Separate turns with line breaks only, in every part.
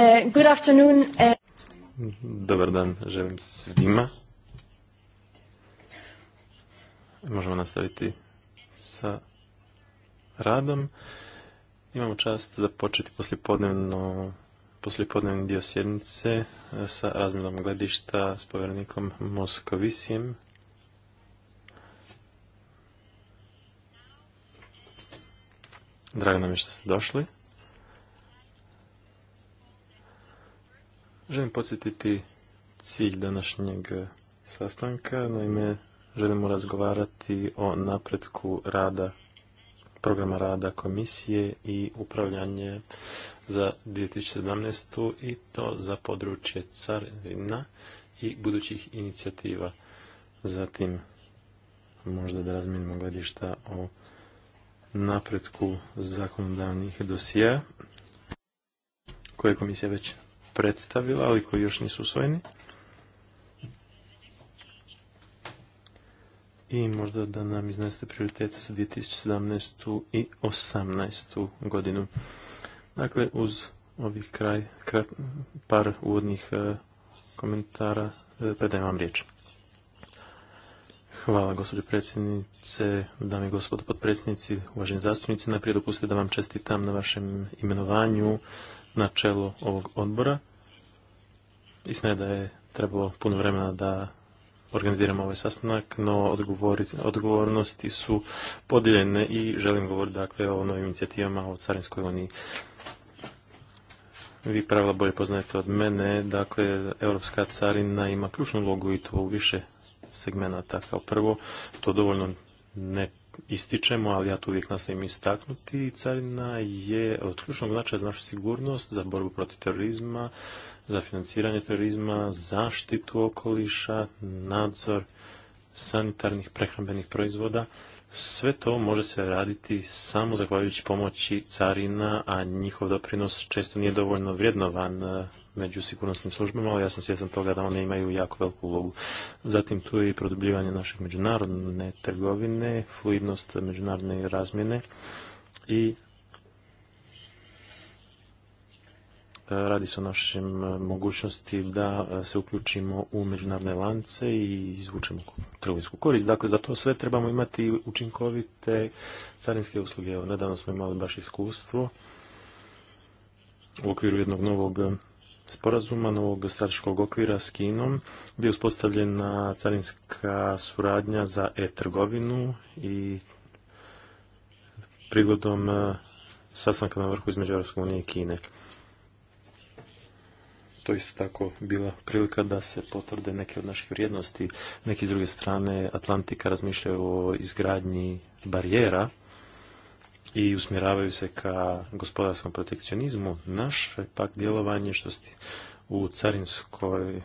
Eh, eh.
Dobar dan, želim svima. Možemo nastaviti sa radom. Imamo čast započeti poslijepodnevni dio sjednice eh, sa razmjenom gledišta s povjerenikom Moskovisijem. Drago nam je što ste došli. Želim podsjetiti cilj današnjeg sastanka, naime želimo razgovarati o napretku rada, programa rada komisije i upravljanje za 2017. i to za područje carina i budućih inicijativa. Zatim možda da razmijenimo gledišta o napretku zakonodavnih dosija koje komisija već predstavila, ali koji još nisu usvojeni. I možda da nam iznesete prioritete za 2017. i 2018. godinu. Dakle, uz ovih kraj, par uvodnih e, komentara e, predajem vam riječ. Hvala, gospođo predsjednice, dame i gospodo potpredsjednici, uvaženi zastupnici. Najprije dopustite da vam čestitam na vašem imenovanju na čelo ovog odbora. Istina je da je trebalo puno vremena da organiziramo ovaj sastanak, no odgovornosti su podijeljene i želim govoriti dakle o novim inicijativama o Carinskoj uniji. Vi pravila bolje poznajete od mene, dakle, Europska carina ima ključnu ulogu i to u više segmenata. Kao prvo, to dovoljno ne ističemo, ali ja to uvijek nastavim istaknuti, carina je od ključnog značaja za našu sigurnost, za borbu protiv terorizma, za financiranje terorizma, zaštitu okoliša, nadzor sanitarnih prehrambenih proizvoda, sve to može se raditi samo zahvaljujući pomoći carina, a njihov doprinos često nije dovoljno vrijednovan e, među sigurnosnim službama, ali ja sam svjestan toga da one imaju jako veliku ulogu. Zatim tu je i produbljivanje naše međunarodne trgovine, fluidnost međunarodne razmjene i E, radi se o našim e, mogućnosti da e, se uključimo u međunarodne lance i izvučemo trgovinsku korist. Dakle, za to sve trebamo imati učinkovite carinske usluge. Evo, nedavno smo imali baš iskustvo u okviru jednog novog sporazuma, novog strateškog okvira s Kinom, je uspostavljena carinska suradnja za e-trgovinu i prigodom sastanka na vrhu između Europske unije i Kine to isto tako bila prilika da se potvrde neke od naših vrijednosti. Neki s druge strane Atlantika razmišljaju o izgradnji barijera i usmjeravaju se ka gospodarskom protekcionizmu. Naše pak djelovanje što u carinskoj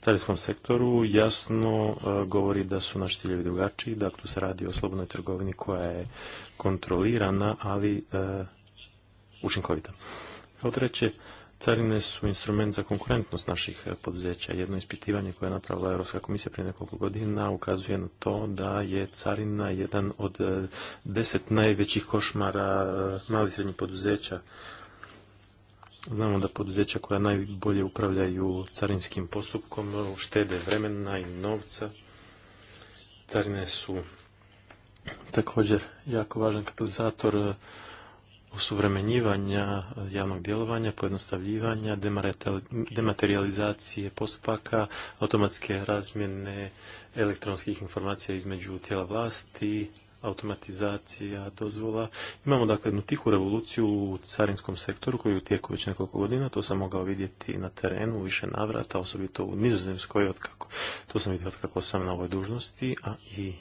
carinskom sektoru jasno e, govori da su naši ciljevi drugačiji, da dakle, tu se radi o slobodnoj trgovini koja je kontrolirana, ali e, učinkovita. Kao treće, Carine su instrument za konkurentnost naših eh, poduzeća. Jedno ispitivanje koje je napravila Europska komisija prije nekoliko godina ukazuje na to da je carina jedan od eh, deset najvećih košmara eh, malih i srednjih poduzeća. Znamo da poduzeća koja najbolje upravljaju carinskim postupkom štede vremena i novca. Carine su također jako važan katalizator osuvremenjivanja javnog djelovanja, pojednostavljivanja, dematerializacije postupaka, automatske razmjene elektronskih informacija između tijela vlasti, automatizacija dozvola. Imamo dakle jednu tihu revoluciju u carinskom sektoru koji je u tijeku već nekoliko godina. To sam mogao vidjeti na terenu u više navrata, osobito u nizozemskoj, to sam vidio kako sam na ovoj dužnosti, a i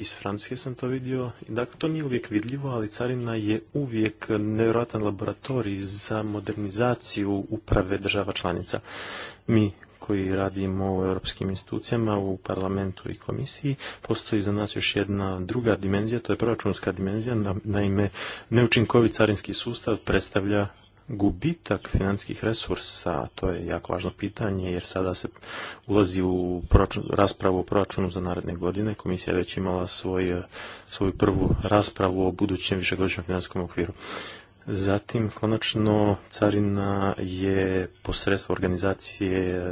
iz Francuske sam to vidio. Dakle, to nije uvijek vidljivo, ali carina je uvijek nevjerojatan laboratorij za modernizaciju uprave država članica. Mi koji radimo u europskim institucijama, u parlamentu i komisiji, postoji za nas još jedna druga dimenzija, to je proračunska dimenzija, naime neučinkovit carinski sustav predstavlja gubitak financijskih resursa, to je jako važno pitanje jer sada se ulazi u raspravu o proračunu za naredne godine. Komisija je već imala svoj, svoju prvu raspravu o budućem višegodišnjem financijskom okviru. Zatim, konačno, carina je posredstvo organizacije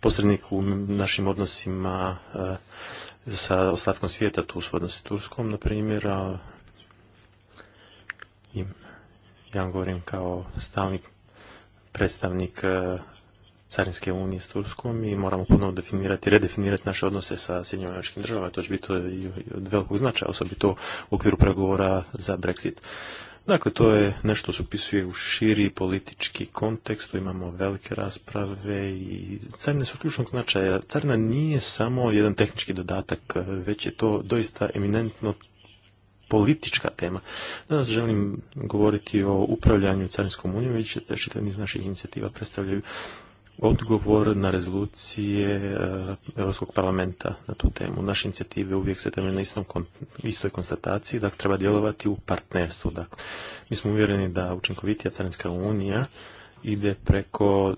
posrednik u našim odnosima e, sa ostatkom svijeta, tu su odnosi s Turskom, na primjer, i ja govorim kao stalni predstavnik e, Carinske unije s Turskom i moramo ponovno definirati, redefinirati naše odnose sa Sjedinjom američkim državama. To će biti od velikog značaja, osobito u okviru pregovora za Brexit. Dakle, to je nešto se upisuje u širi politički kontekst, tu imamo velike rasprave i carine su ključnog značaja. Carina nije samo jedan tehnički dodatak, već je to doista eminentno politička tema. Danas želim govoriti o upravljanju Carinskom unijom, već čitav niz naših inicijativa predstavljaju odgovor na rezolucije e, Europskog parlamenta na tu temu. Naše inicijative uvijek se temelje na istoj konstataciji, dakle treba djelovati u partnerstvu. Dakle, mi smo uvjereni da učinkovitija Carinska unija ide preko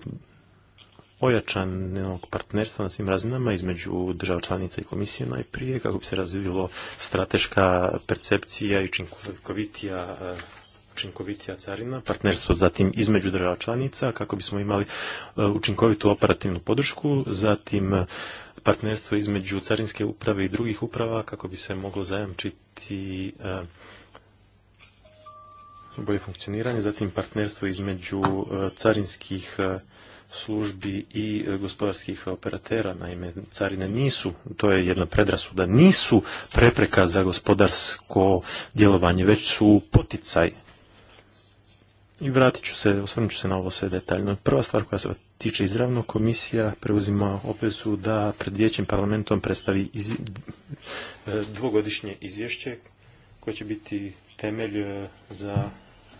ojačanog partnerstva na svim razinama između država članica i komisije najprije kako bi se razvilo strateška percepcija i učinkovitija e, učinkovitija carina, partnerstvo zatim između država članica kako bismo imali e, učinkovitu operativnu podršku, zatim e, partnerstvo između carinske uprave i drugih uprava kako bi se moglo zajamčiti bolje funkcioniranje, zatim partnerstvo između carinskih službi i e, gospodarskih operatera. Naime, carine nisu, to je jedna predrasuda, nisu prepreka za gospodarsko djelovanje, već su poticaj. I vratit ću se, osvrnut ću se na ovo sve detaljno. Prva stvar koja se tiče izravno, komisija preuzima obvezu da pred vijećim parlamentom predstavi e, dvogodišnje izvješće koje će biti temelj e, za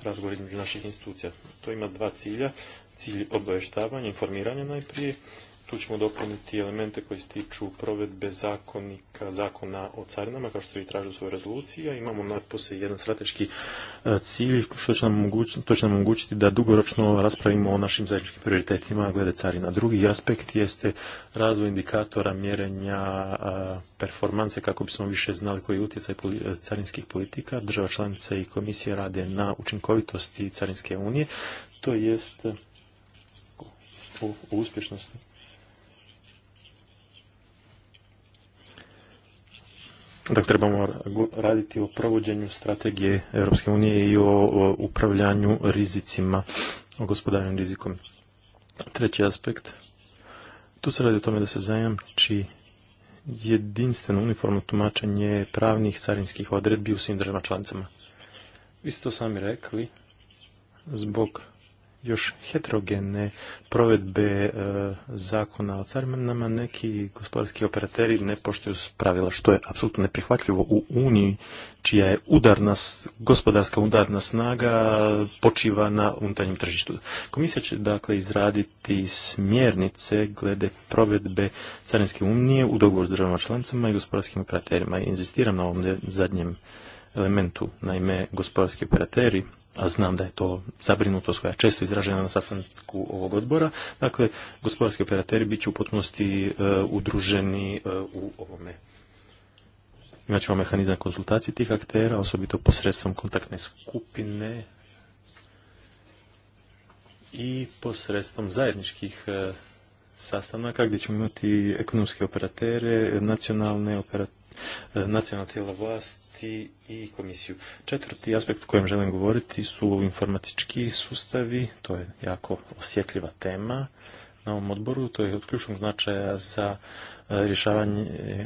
razgovor između naših institucija. To ima dva cilja cilj obavještavanja, informiranja najprije. Tu ćemo dopuniti elemente koji se tiču provedbe zakonika, zakona o carinama, kao što se vi traži u svojoj rezoluciji, a imamo nadpose jedan strateški e, cilj, što će nam omogućiti, to će nam omogućiti da dugoročno raspravimo o našim zajedničkim prioritetima glede carina. Drugi aspekt jeste razvoj indikatora mjerenja e, performanse kako bismo više znali koji je utjecaj e, carinskih politika. Država članica i komisije rade na učinkovitosti carinske unije, to jest o uspješnosti. Dakle, trebamo raditi o provođenju strategije Europske unije i o, upravljanju rizicima, o gospodarnim rizikom. Treći aspekt, tu se radi o tome da se zajamči jedinstveno uniformno tumačenje pravnih carinskih odredbi u svim državama članicama. Vi ste to sami rekli, zbog još heterogene provedbe e, zakona o carmenama neki gospodarski operateri ne poštuju pravila, što je apsolutno neprihvatljivo u Uniji, čija je udarna, gospodarska udarna snaga počiva na unutarnjem tržištu. Komisija će dakle izraditi smjernice glede provedbe carinske unije u dogovoru s državama članicama i gospodarskim operaterima. I inzistiram na ovom zadnjem elementu, naime gospodarski operateri a znam da je to zabrinutost koja je često izražena na sastanku ovog odbora. Dakle, gospodarski operateri bit će u potpunosti e, udruženi e, u ovome. Imat ćemo mehanizam konsultacije tih aktera, osobito posredstvom kontaktne skupine i posredstvom zajedničkih e, sastanaka gdje ćemo imati ekonomske operatere, nacionalne operatere, E, nacionalna tijela vlasti i komisiju. Četvrti aspekt o kojem želim govoriti su informatički sustavi, to je jako osjetljiva tema na ovom odboru, to je od ključnog značaja za e, rješavanje e,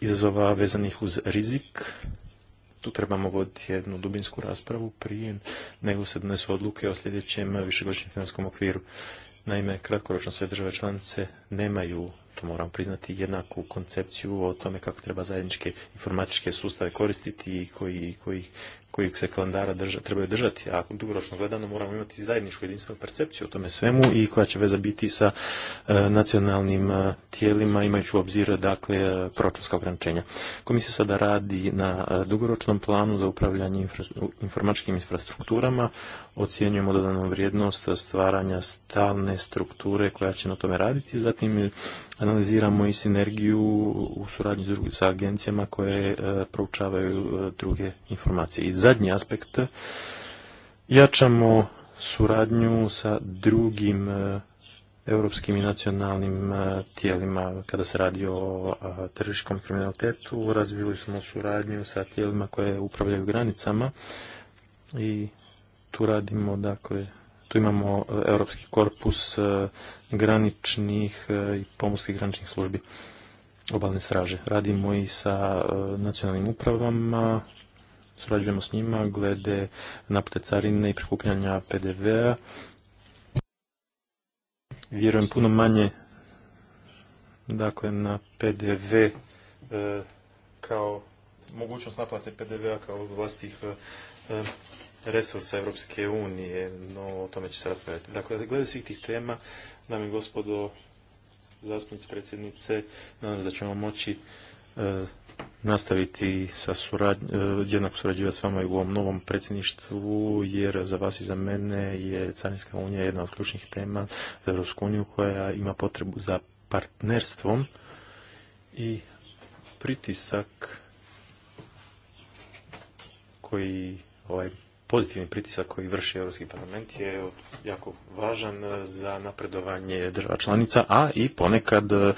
izazova vezanih uz rizik. Tu trebamo voditi jednu dubinsku raspravu prije nego se donesu odluke o sljedećem višegodišnjem finanskom okviru. Naime, kratkoročno sve države članice nemaju moram dakle, moramo priznati jednaku koncepciju o tome kako treba zajedničke informatičke sustave koristiti i koji, koji, koji se kalendara trebaju držati, a dugoročno gledano moramo imati zajedničku jedinstvenu percepciju o tome svemu i koja će veza biti sa e, nacionalnim e, tijelima imajući u obzir dakle e, proračunska ograničenja. Komisija sada radi na dugoročnom planu za upravljanje infra, informatičkim infrastrukturama, ocjenjujemo dodanu vrijednost stvaranja stalne strukture koja će na tome raditi, zatim analiziramo i sinergiju u suradnji sa agencijama koje e, proučavaju e, druge informacije. I zadnji aspekt, jačamo suradnju sa drugim europskim i nacionalnim e, tijelima kada se radi o tržiškom kriminalitetu. Razvili smo suradnju sa tijelima koje upravljaju granicama i tu radimo dakle tu imamo e, Europski korpus e, graničnih e, i pomorskih graničnih službi obalne straže. Radimo i sa nacionalnim upravama, surađujemo s njima glede naplate carine i prikupljanja PDV-a. Vjerujem puno manje dakle na PDV kao mogućnost naplate PDV-a kao vlastih resursa Europske unije, no o tome će se raspravljati. Dakle, glede svih tih tema, dame i gospodo, zastupnici, predsjednice, nadam se da ćemo moći e, nastaviti sa suradnjom, e, jednako surađivati s vama i u ovom novom predsjedništvu, jer za vas i za mene je Carinska unija jedna od ključnih tema za Europsku uniju koja ima potrebu za partnerstvom i pritisak koji ovaj pozitivni pritisak koji vrši Europski parlament je jako važan e, za napredovanje država članica, a i ponekad e,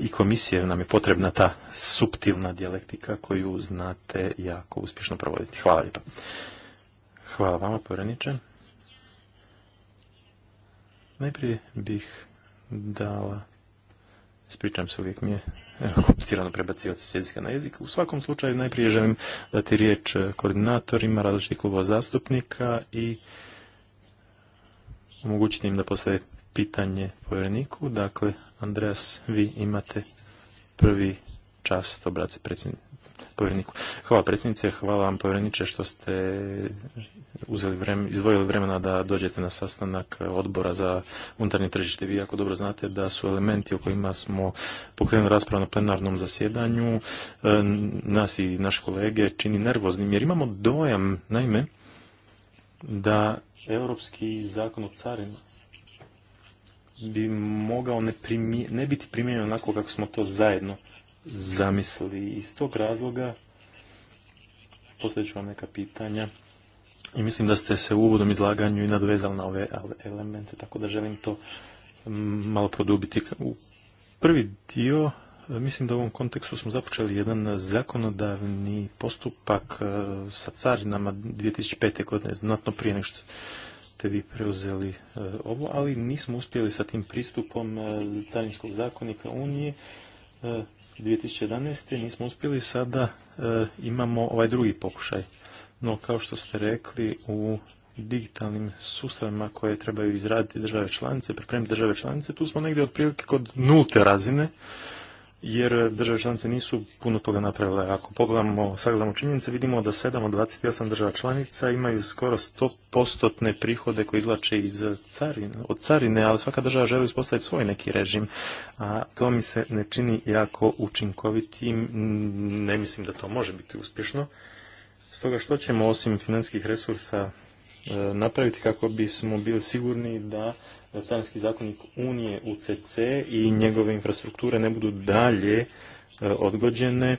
i komisije nam je potrebna ta suptilna dijalektika koju znate jako uspješno provoditi. Hvala lijepa. Hvala vama, povjereniče. Najprije bih dala Spričam se, uvijek mi je e, komplicirano prebacivati s jezika na jezik. U svakom slučaju najprije želim dati riječ e, koordinatorima različitih klubova zastupnika i omogućiti im da postave pitanje povjereniku. Dakle, Andreas, vi imate prvi čast obratiti predsjednika povjereniku. Hvala predsjednice, hvala vam povjereniče što ste uzeli vremen, izdvojili vremena da dođete na sastanak odbora za unutarnje tržište. Vi jako dobro znate da su elementi o kojima smo pokrenuli raspravu na plenarnom zasjedanju e, nas i naše kolege čini nervoznim jer imamo dojam, naime, da europski zakon o carima bi mogao ne, ne biti primijenjen onako kako smo to zajedno zamisli. Iz tog razloga postavit ću vam neka pitanja i mislim da ste se u uvodom izlaganju i nadvezali na ove elemente, tako da želim to malo produbiti. U prvi dio e, Mislim da u ovom kontekstu smo započeli jedan zakonodavni postupak e, sa carinama 2005. godine, znatno prije nego što ste vi preuzeli e, ovo, ali nismo uspjeli sa tim pristupom carinskog zakonika Unije 2011. E, nismo uspjeli, sada e, imamo ovaj drugi pokušaj. No, kao što ste rekli, u digitalnim sustavima koje trebaju izraditi države članice, pripremiti države članice, tu smo negdje otprilike kod nulte razine, jer države članice nisu puno toga napravile. Ako pogledamo, sagledamo činjenice, vidimo da 7 od 28 država članica imaju skoro 100% prihode koje izlače iz carine, od carine, ali svaka država želi uspostaviti svoj neki režim, a to mi se ne čini jako učinkovitim, ne mislim da to može biti uspješno. Stoga što ćemo osim financijskih resursa e, napraviti kako bismo bili sigurni da carinski zakonik Unije UCC i njegove infrastrukture ne budu dalje e, odgođene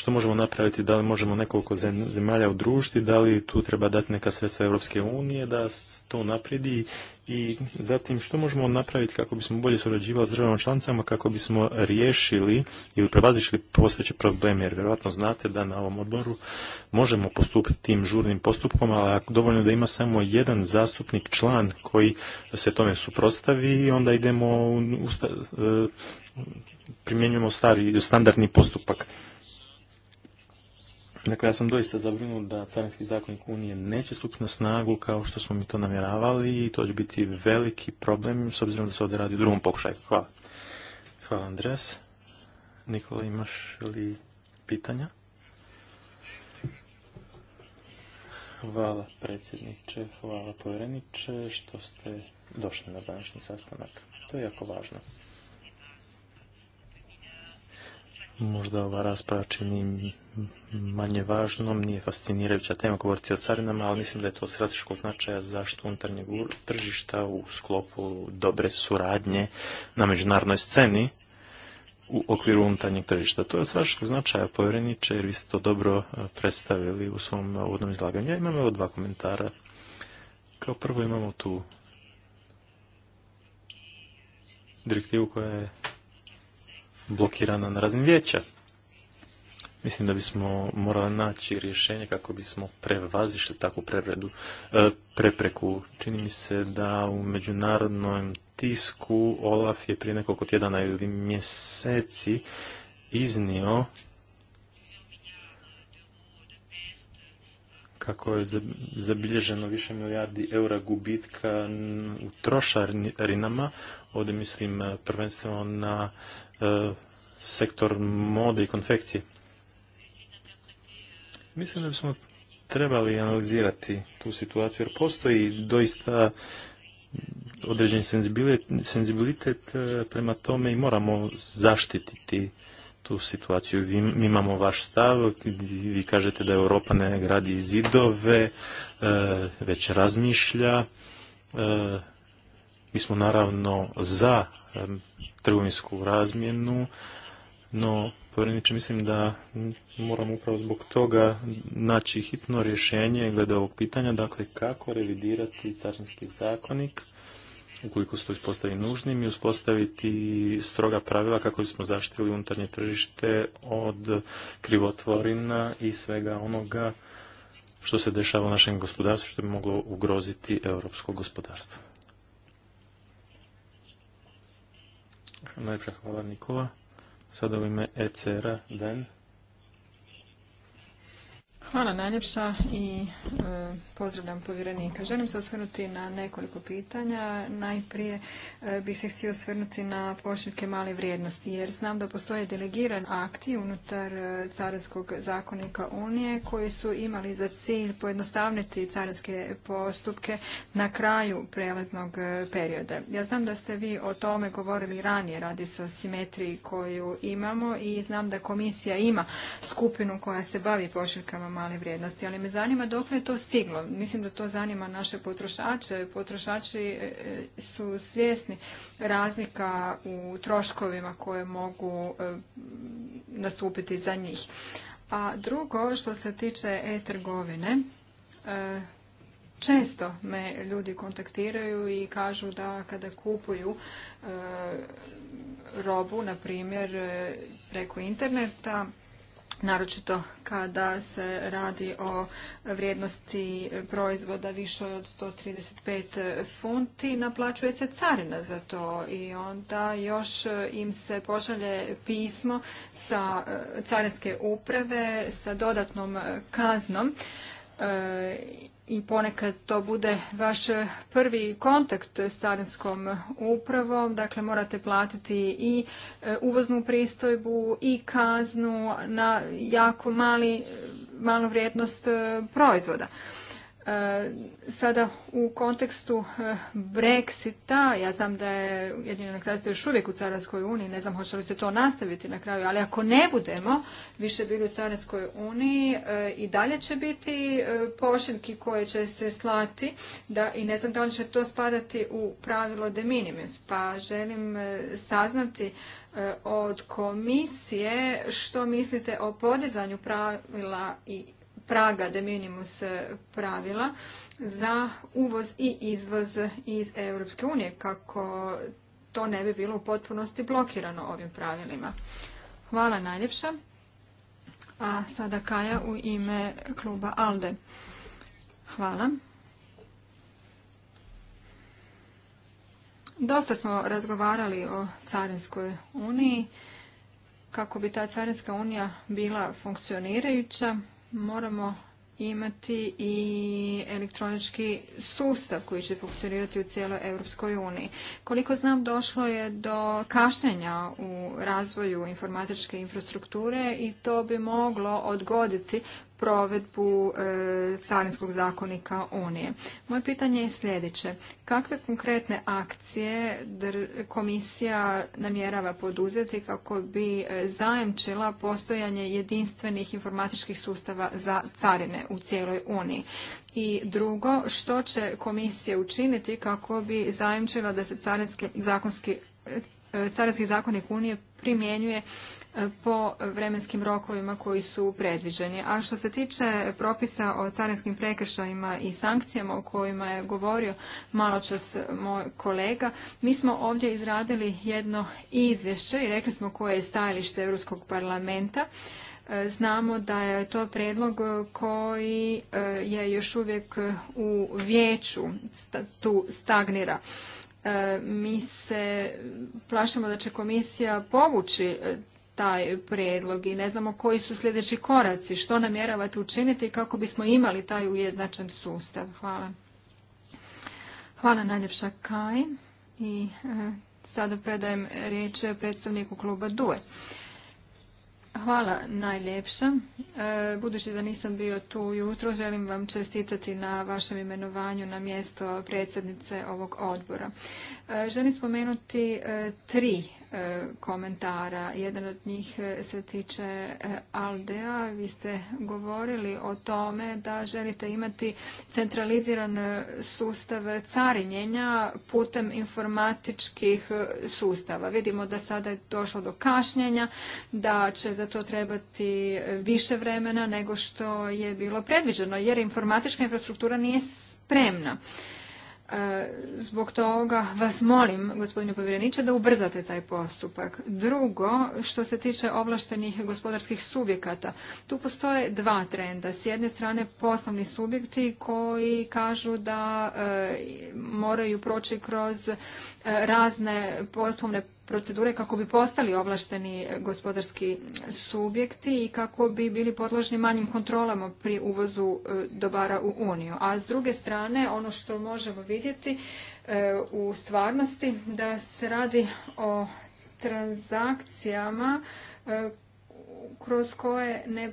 što možemo napraviti, da li možemo nekoliko zemalja udružiti, da li tu treba dati neka sredstva Europske unije da to napredi i zatim što možemo napraviti kako bismo bolje surađivali s državama članicama, kako bismo riješili ili prevazišli postojeće probleme, jer vjerojatno znate da na ovom odboru možemo postupiti tim žurnim postupkom, ali ako dovoljno da ima samo jedan zastupnik član koji se tome suprotstavi i onda idemo u, e, primjenjujemo stari standardni postupak. Dakle, ja sam doista zabrinut da Carinski zakonik Unije neće stupiti na snagu kao što smo mi to namjeravali i to će biti veliki problem s obzirom da se ovdje radi u drugom pokušaju. Hvala. Hvala, Andreas. Nikola, imaš li pitanja? Hvala predsjedniče, hvala povjereniče što ste došli na današnji sastanak. To je jako važno. možda ova rasprava čini manje važnom, nije fascinirajuća tema govoriti o carinama, ali mislim da je to od strateškog značaja zašto unutarnjeg tržišta u sklopu dobre suradnje na međunarodnoj sceni u okviru unutarnjeg tržišta. To je od strateškog značaja, povjereniče, jer vi ste to dobro e, predstavili u svom uvodnom izlaganju. Ja imam evo dva komentara. Kao prvo imamo tu direktivu koja je blokirana na razini vijeća. Mislim da bismo morali naći rješenje kako bismo prevazišli takvu prevredu, e, prepreku. Čini mi se da u međunarodnom tisku Olaf je prije nekoliko tjedana ili mjeseci iznio kako je zabilježeno više milijardi eura gubitka u trošarinama, ovdje mislim e, prvenstveno na E, sektor mode i konfekcije. Mislim da bismo trebali analizirati tu situaciju, jer postoji doista određeni senzibilitet e, prema tome i moramo zaštititi tu situaciju. mi imamo vaš stav, vi kažete da Europa ne gradi zidove, e, već razmišlja. Mi smo naravno za trgovinsku razmjenu, no povjereniče mislim da moramo upravo zbog toga naći hitno rješenje glede ovog pitanja, dakle kako revidirati carinski zakonik ukoliko se to ispostavi nužnim i uspostaviti stroga pravila kako bismo zaštitili unutarnje tržište od krivotvorina i svega onoga što se dešava u našem gospodarstvu što bi moglo ugroziti europsko gospodarstvo. Najprej hvala Nikola. Sada u ime ECR-a
Hvala najljepša i e, pozdravljam povjerenika. Želim se osvrnuti na nekoliko pitanja. Najprije e, bih se htio osvrnuti na pošiljke male vrijednosti, jer znam da postoje delegirani akti unutar e, Carinskog zakonika Unije koji su imali za cilj pojednostavniti carinske postupke na kraju prelaznog perioda. Ja znam da ste vi o tome govorili ranije, radi se o simetriji koju imamo i znam da komisija ima skupinu koja se bavi pošiljkama male vrijednosti, ali me zanima dok je to stiglo. Mislim da to zanima naše potrošače. Potrošači e, e, su svjesni razlika u troškovima koje mogu e, nastupiti za njih. A drugo, što se tiče e-trgovine, često me ljudi kontaktiraju i kažu da kada kupuju robu, na primjer, preko interneta, naročito kada se radi o vrijednosti proizvoda više od 135 funti, naplaćuje se carina za to i onda još im se pošalje pismo sa carinske uprave sa dodatnom kaznom e, i ponekad to bude vaš prvi kontakt s carinskom upravom, dakle morate platiti i e, uvoznu pristojbu i kaznu na jako mali, e, malu vrijednost e, proizvoda. Sada u kontekstu eh, Brexita, ja znam da je na kraju još uvijek u Carskoj uniji, ne znam hoće li se to nastaviti na kraju, ali ako ne budemo više bili u Carinskoj uniji eh, i dalje će biti eh, pošiljki koje će se slati da, i ne znam da li će to spadati u pravilo de minimis, pa želim saznati od komisije što mislite o podizanju pravila i praga de minimus eh, pravila za uvoz i izvoz iz Europske unije kako to ne bi bilo u potpunosti blokirano ovim pravilima. Hvala najljepša. A sada Kaja u ime kluba ALDE. Hvala. Dosta smo razgovarali o Carinskoj uniji, kako bi ta Carinska unija bila funkcionirajuća moramo imati i elektronički sustav koji će funkcionirati u cijeloj Europskoj uniji. Koliko znam, došlo je do kašnjenja u razvoju informatičke infrastrukture i to bi moglo odgoditi provedbu e, carinskog zakonika Unije. Moje pitanje je sljedeće. Kakve konkretne akcije komisija namjerava poduzeti kako bi e, zajemčila postojanje jedinstvenih informatičkih sustava za carine u cijeloj Uniji? I drugo, što će komisija učiniti kako bi zajemčila da se carinski zakonski e, carinski zakonik Unije primjenjuje po vremenskim rokovima koji su predviđeni. A što se tiče propisa o carinskim prekršajima i sankcijama o kojima je govorio malo čas moj kolega, mi smo ovdje izradili jedno izvješće i rekli smo koje je stajalište Europskog parlamenta. Znamo da je to predlog koji eh, je još uvijek u vijeću, tu stagnira eh, mi se plašimo da će komisija povući eh, taj predlog i ne znamo koji su sljedeći koraci, što namjeravate učiniti kako bismo imali taj ujednačen sustav. Hvala. Hvala najljepša Kaj i e, sada predajem riječ predstavniku kluba DUE. Hvala najljepša. E, budući da nisam bio tu jutro, želim vam čestitati na vašem imenovanju na mjesto predsjednice ovog odbora. E, želim spomenuti tri E, komentara. Jedan od njih e, se tiče e, Aldea. Vi ste govorili o tome da želite imati centraliziran sustav carinjenja putem informatičkih sustava. Vidimo da sada je došlo do kašnjenja, da će za to trebati više vremena nego što je bilo predviđeno, jer informatička infrastruktura nije spremna. E, zbog toga vas molim, gospodine povjereniče, da ubrzate taj postupak. Drugo, što se tiče ovlaštenih gospodarskih subjekata, tu postoje dva trenda. S jedne strane poslovni subjekti koji kažu da e, moraju proći kroz e, razne poslovne procedure kako bi postali ovlašteni gospodarski subjekti i kako bi bili podložni manjim kontrolama pri uvozu e, dobara u Uniju. A s druge strane, ono što možemo vidjeti e, u stvarnosti da se radi o transakcijama e, kroz koje ne,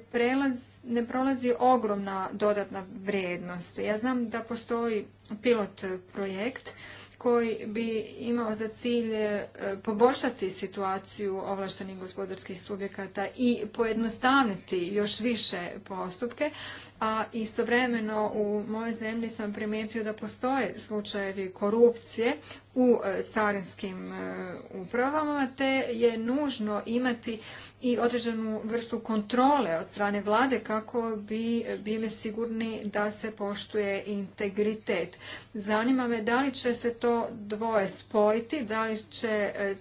ne prolazi ogromna dodatna vrijednost. Ja znam da postoji pilot projekt koji bi imao za cilj e, poboljšati situaciju ovlaštenih gospodarskih subjekata i pojednostaviti još više postupke, a istovremeno u mojoj zemlji sam primijetio da postoje slučajevi korupcije u e, carinskim e, upravama, te je nužno imati i određenu vrstu kontrole od strane vlade kako bi bili sigurni da se poštuje integritet. Zanima me da li će se to dvoje spojiti, da li će e,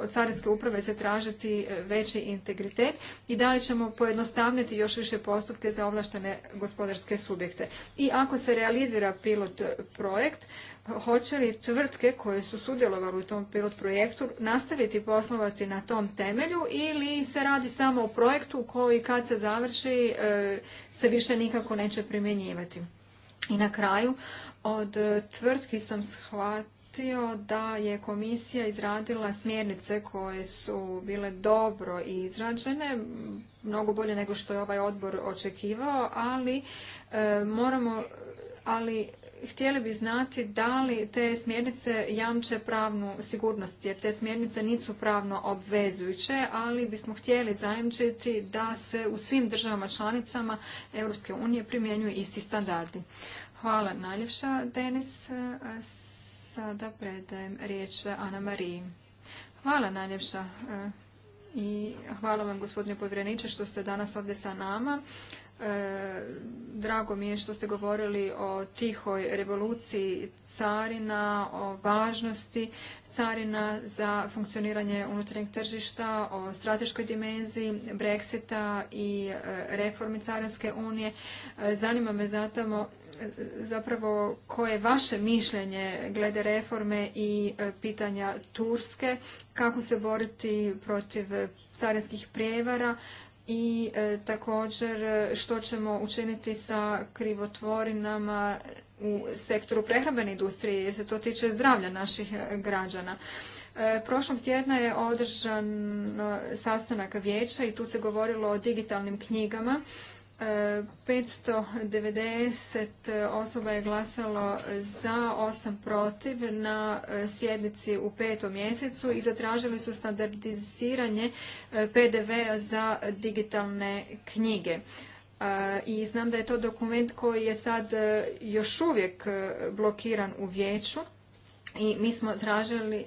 od carinske uprave se tražiti veći integritet i da li ćemo pojednostavniti još više postupke za ovlaštene gospodarske subjekte. I ako se realizira pilot projekt, hoće li tvrtke koje su sudjelovali u tom pilot projektu nastaviti poslovati na tom temelju ili se radi samo o projektu koji kad se završi e, se više nikako neće primjenjivati. I na kraju od tvrtki sam shvatio da je komisija izradila smjernice koje su bile dobro izrađene, mnogo bolje nego što je ovaj odbor očekivao, ali e, moramo ali htjeli bi znati da li te smjernice jamče pravnu sigurnost, jer te smjernice nisu pravno obvezujuće, ali bismo htjeli zajamčiti da se u svim državama članicama Europske unije primjenjuju isti standardi. Hvala najljepša, Denis. Sada predajem riječ Ana Mariji. Hvala najljepša i hvala vam gospodine povjereniče što ste danas ovdje sa nama. E, drago mi je što ste govorili o tihoj revoluciji carina, o važnosti carina za funkcioniranje unutarnjeg tržišta, o strateškoj dimenziji Brexita i e, reformi Carinske unije. E, zanima me zatamo zapravo koje je vaše mišljenje glede reforme i pitanja Turske, kako se boriti protiv carinskih prijevara, i e, također što ćemo učiniti sa krivotvorinama u sektoru prehrambene industrije jer se to tiče zdravlja naših građana. E, prošlog tjedna je održan e, sastanak vijeća i tu se govorilo o digitalnim knjigama 590 osoba je glasalo za, 8 protiv na e, sjednici u petom mjesecu i zatražili su standardiziranje e, PDV-a za digitalne knjige. E, I znam da je to dokument koji je sad još uvijek blokiran u vijeću i mi smo tražili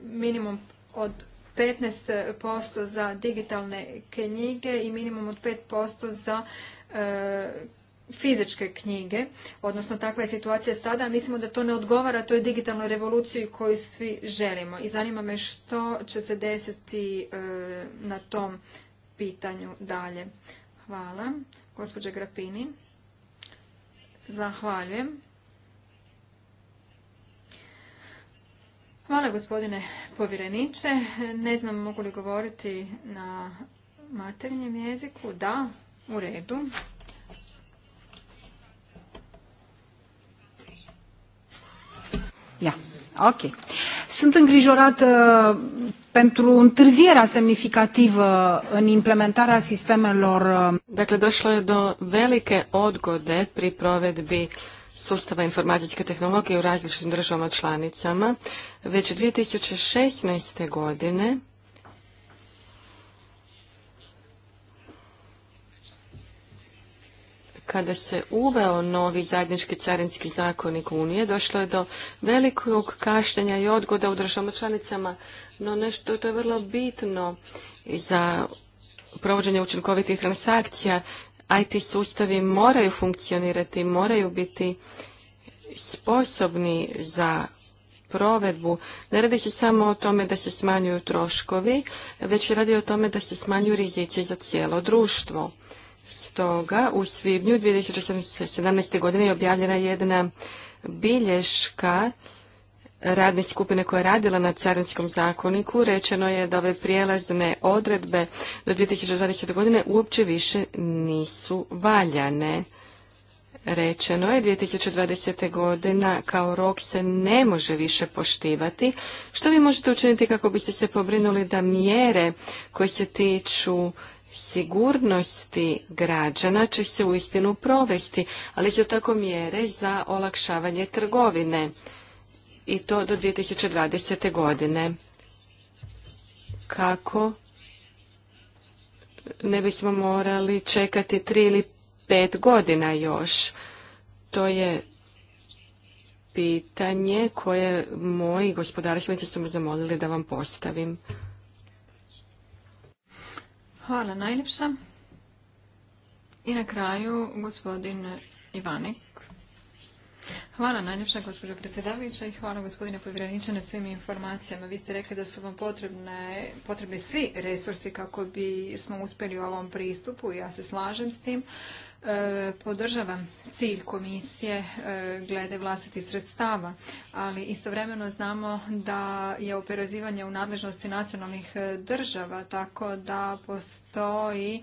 minimum od 15% za digitalne knjige i minimum od 5% za e, fizičke knjige, odnosno takva je situacija sada, mislimo da to ne odgovara toj digitalnoj revoluciji koju svi želimo. I zanima me što će se desiti e, na tom pitanju dalje. Hvala. Gospođa Grapini. Zahvaljujem. Hvala gospodine povjereniče. Ne znam mogu li govoriti na maternjem jeziku. Da, u redu. Ja, ok. Sunt îngrijorată uh, pentru întârzierea semnificativă în implementarea sistemelor.
Uh, dakle, došlo je do velike odgode pri provedbi sustava informatičke tehnologije u različitim državama članicama. Već 2016. godine kada se uveo novi zajednički carinski zakonik Unije, došlo je do velikog kaštenja i odgoda u državama članicama, no nešto to je vrlo bitno za provođenje učinkovitih transakcija IT sustavi moraju funkcionirati, moraju biti sposobni za provedbu. Ne radi se samo o tome da se smanjuju troškovi, već radi o tome da se smanjuju rizici za cijelo društvo. Stoga u svibnju 2017. godine je objavljena jedna bilješka radne skupine koja je radila na carinskom zakoniku rečeno je da ove prijelazne odredbe do 2020. godine uopće više nisu valjane. Rečeno je 2020. godina kao rok se ne može više poštivati. Što vi možete učiniti kako biste se pobrinuli da mjere koje se tiču sigurnosti građana će se uistinu provesti, ali isto tako mjere za olakšavanje trgovine i to do 2020. godine. Kako ne bismo morali čekati tri ili pet godina još? To je pitanje koje moji gospodarstvenici su me zamolili da vam postavim.
Hvala najljepša. I na kraju gospodin Ivani Hvala najljepša gospođo predsjedavajuća i hvala gospodine povjereniče na svim informacijama. Vi ste rekli da su vam potrebne, potrebni svi resursi kako bi smo uspjeli u ovom pristupu i ja se slažem s tim. E, podržavam cilj komisije e, glede vlastitih sredstava, ali istovremeno znamo da je operazivanje u nadležnosti nacionalnih e, država, tako da postoji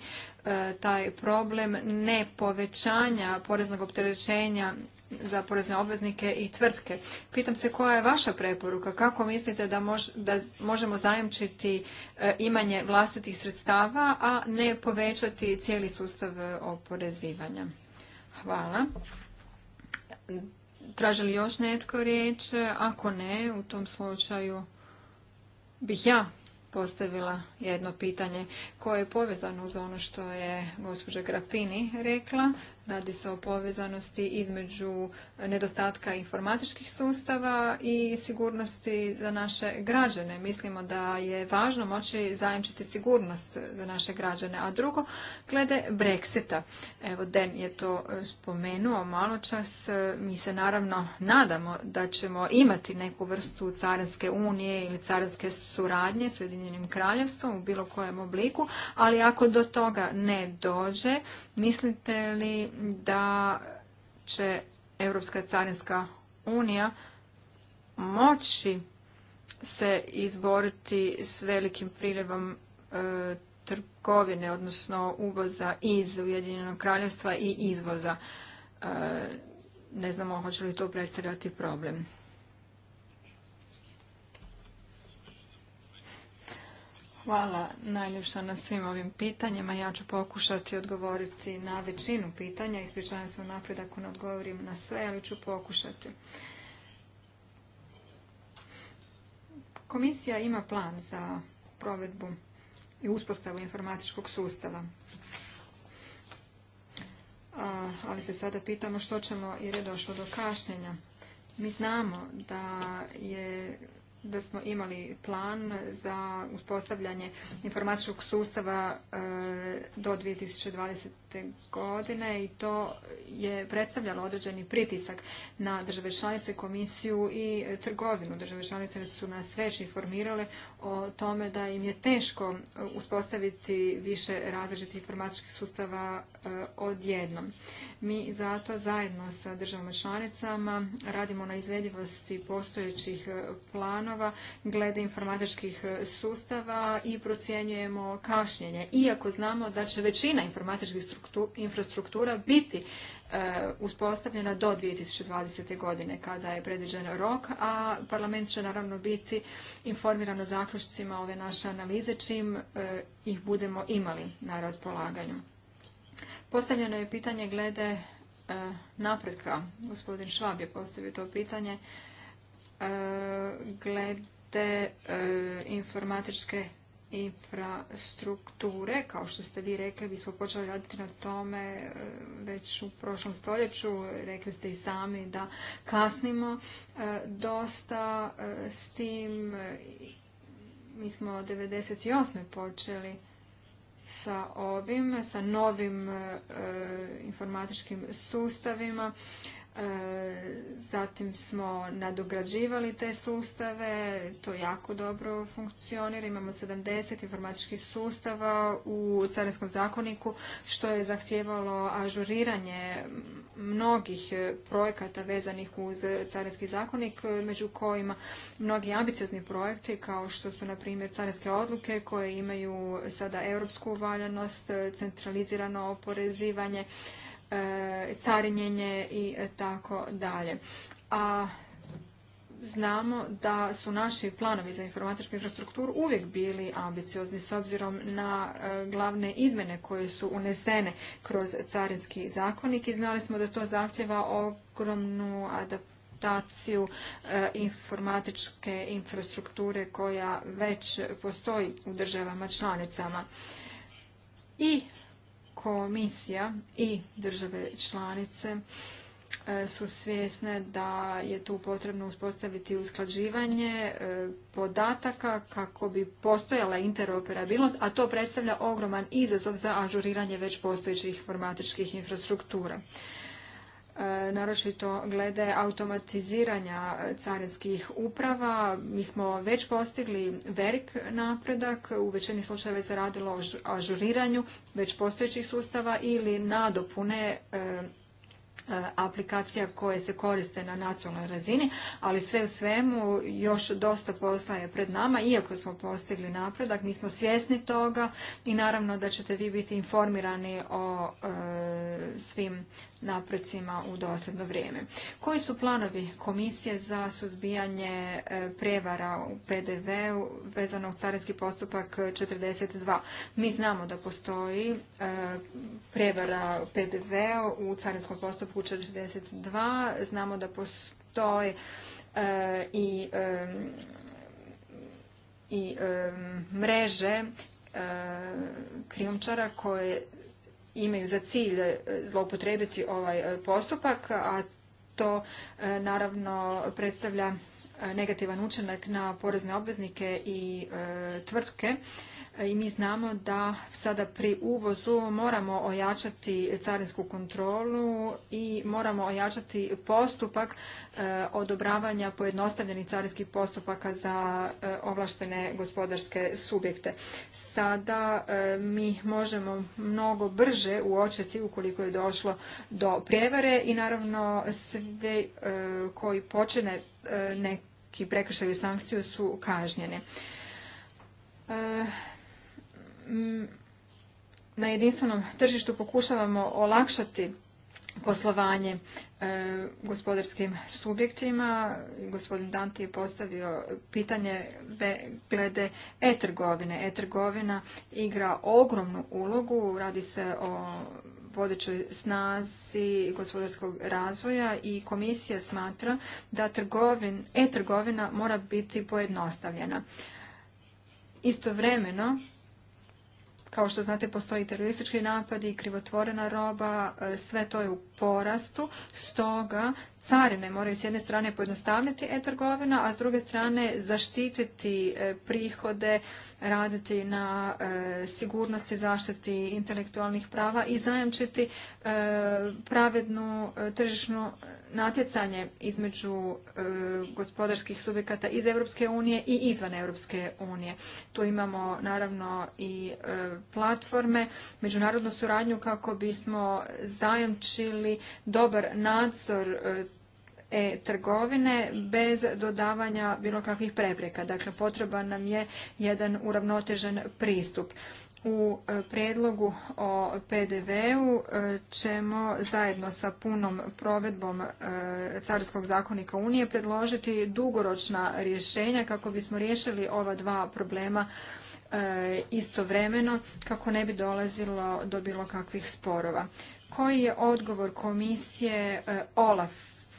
taj problem ne povećanja poreznog opterećenja za porezne obveznike i tvrtke. Pitam se koja je vaša preporuka, kako mislite da, da možemo zajamčiti e, imanje vlastitih sredstava, a ne povećati cijeli sustav e, oporezivanja? Hvala. Traži li još netko riječ? Ako ne, u tom slučaju bih ja postavila jedno pitanje koje je povezano uz ono što je gospođa Grapini rekla. Radi se o povezanosti između nedostatka informatičkih sustava i sigurnosti za naše građane. Mislimo da je važno moći zajamčiti sigurnost za naše građane. A drugo, glede Brexita. Evo, Den je to spomenuo malo čas. Mi se naravno nadamo da ćemo imati neku vrstu carinske unije ili carinske suradnje s Ujedinjenim kraljevstvom u bilo kojem obliku, ali ako do toga ne dođe, Mislite li da će Europska carinska unija moći se izboriti s velikim priljevom e, trgovine, odnosno uvoza iz Ujedinjenog kraljevstva i izvoza. E, ne znamo hoće li to predstavljati problem. Hvala najljepša na svim ovim pitanjima. Ja ću pokušati odgovoriti na većinu pitanja. Ispričavam se unaprijed ako ne odgovorim na sve, ali ću pokušati. Komisija ima plan za provedbu i uspostavu informatičkog sustava. ali se sada pitamo što ćemo jer je došlo do kašnjenja. Mi znamo da je da smo imali plan za uspostavljanje informatičkog sustava e, do 2020 godine i to je predstavljalo određeni pritisak na države članice, komisiju i trgovinu. Države članice su nas već informirale o tome da im je teško uspostaviti više različitih informatičkih sustava e, odjednom. Mi zato zajedno sa državama članicama radimo na izvedivosti postojećih e, planova glede informatičkih e, sustava i procjenjujemo kašnjenje. Iako znamo da će većina informatičkih infrastruktura biti e, uspostavljena do 2020. godine kada je predviđen rok, a parlament će naravno biti informiran o zaključcima ove naše analize čim e, ih budemo imali na raspolaganju. Postavljeno je pitanje glede e, napretka. Gospodin Švab je postavio to pitanje glede informatičke infrastrukture, kao što ste vi rekli, bismo počeli raditi na tome e, već u prošlom stoljeću. Rekli ste i sami da kasnimo e, dosta e, s tim. Mi smo od 98. počeli sa ovim, sa novim informatičkim sustavima E, zatim smo nadograđivali te sustave, to jako dobro funkcionira. Imamo 70 informatičkih sustava u Carinskom zakoniku, što je zahtjevalo ažuriranje mnogih projekata vezanih uz Carinski zakonik, među kojima mnogi ambiciozni projekti, kao što su, na primjer, carinske odluke, koje imaju sada europsku valjanost, centralizirano oporezivanje, E, carinjenje i tako dalje. A znamo da su naši planovi za informatičku infrastrukturu uvijek bili ambiciozni s obzirom na e, glavne izmene koje su unesene kroz carinski zakonik i znali smo da to zahtjeva ogromnu adaptaciju e, informatičke infrastrukture koja već postoji u državama članicama. I komisija i države članice e, su svjesne da je tu potrebno uspostaviti usklađivanje e, podataka kako bi postojala interoperabilnost, a to predstavlja ogroman izazov za ažuriranje već postojećih informatičkih infrastruktura. E, naročito glede automatiziranja carinskih uprava. Mi smo već postigli velik napredak, u većini slučajeva se radilo o ažuriranju već postojećih sustava ili nadopune e, E, aplikacija koje se koriste na nacionalnoj razini, ali sve u svemu još dosta posla je pred nama, iako smo postigli napredak, mi smo svjesni toga i naravno da ćete vi biti informirani o e, svim naprecima u dosljedno vrijeme. Koji su planovi komisije za suzbijanje e, prevara u PDV vezano u carinski postupak 42? Mi znamo da postoji prevara PDV u carinskom postupku članku 42. Znamo da postoje e, i e, i e, mreže krijumčara koje imaju za cilj zloupotrijebiti ovaj postupak, a to naravno predstavlja negativan učinak na porezne obveznike i tvrtke E, i mi znamo da sada pri uvozu moramo ojačati carinsku kontrolu i moramo ojačati postupak e, odobravanja pojednostavljenih carinskih postupaka za e, ovlaštene gospodarske subjekte. Sada mi možemo mnogo brže uočiti ukoliko je došlo do prijevare i naravno sve koji počine neki prekršaju sankciju su kažnjene na jedinstvenom tržištu pokušavamo olakšati poslovanje e, gospodarskim subjektima. Gospodin Danti je postavio pitanje glede e-trgovine. E-trgovina igra ogromnu ulogu, radi se o vodećoj snazi gospodarskog razvoja i komisija smatra da e-trgovina mora biti pojednostavljena. Istovremeno, kao što znate, postoji teroristički napadi, i krivotvorena roba, e, sve to je u porastu. Stoga carine moraju s jedne strane pojednostavniti e-trgovina, a s druge strane zaštititi e, prihode, raditi na e, sigurnosti, zaštiti intelektualnih prava i zajamčiti e, pravednu tržišno natjecanje između gospodarskih subjekata iz Europske unije i izvan Europske unije. Tu imamo naravno i platforme, međunarodnu suradnju kako bismo zajamčili dobar nadzor trgovine bez dodavanja bilo kakvih prepreka. Dakle, potreban nam je jedan uravnotežen pristup. U e, predlogu o PDV-u e, ćemo zajedno sa punom provedbom e, Carskog zakonika Unije predložiti dugoročna rješenja kako bismo riješili ova dva problema istovremeno kako ne bi dolazilo do bilo kakvih sporova. Koji je odgovor komisije Olaf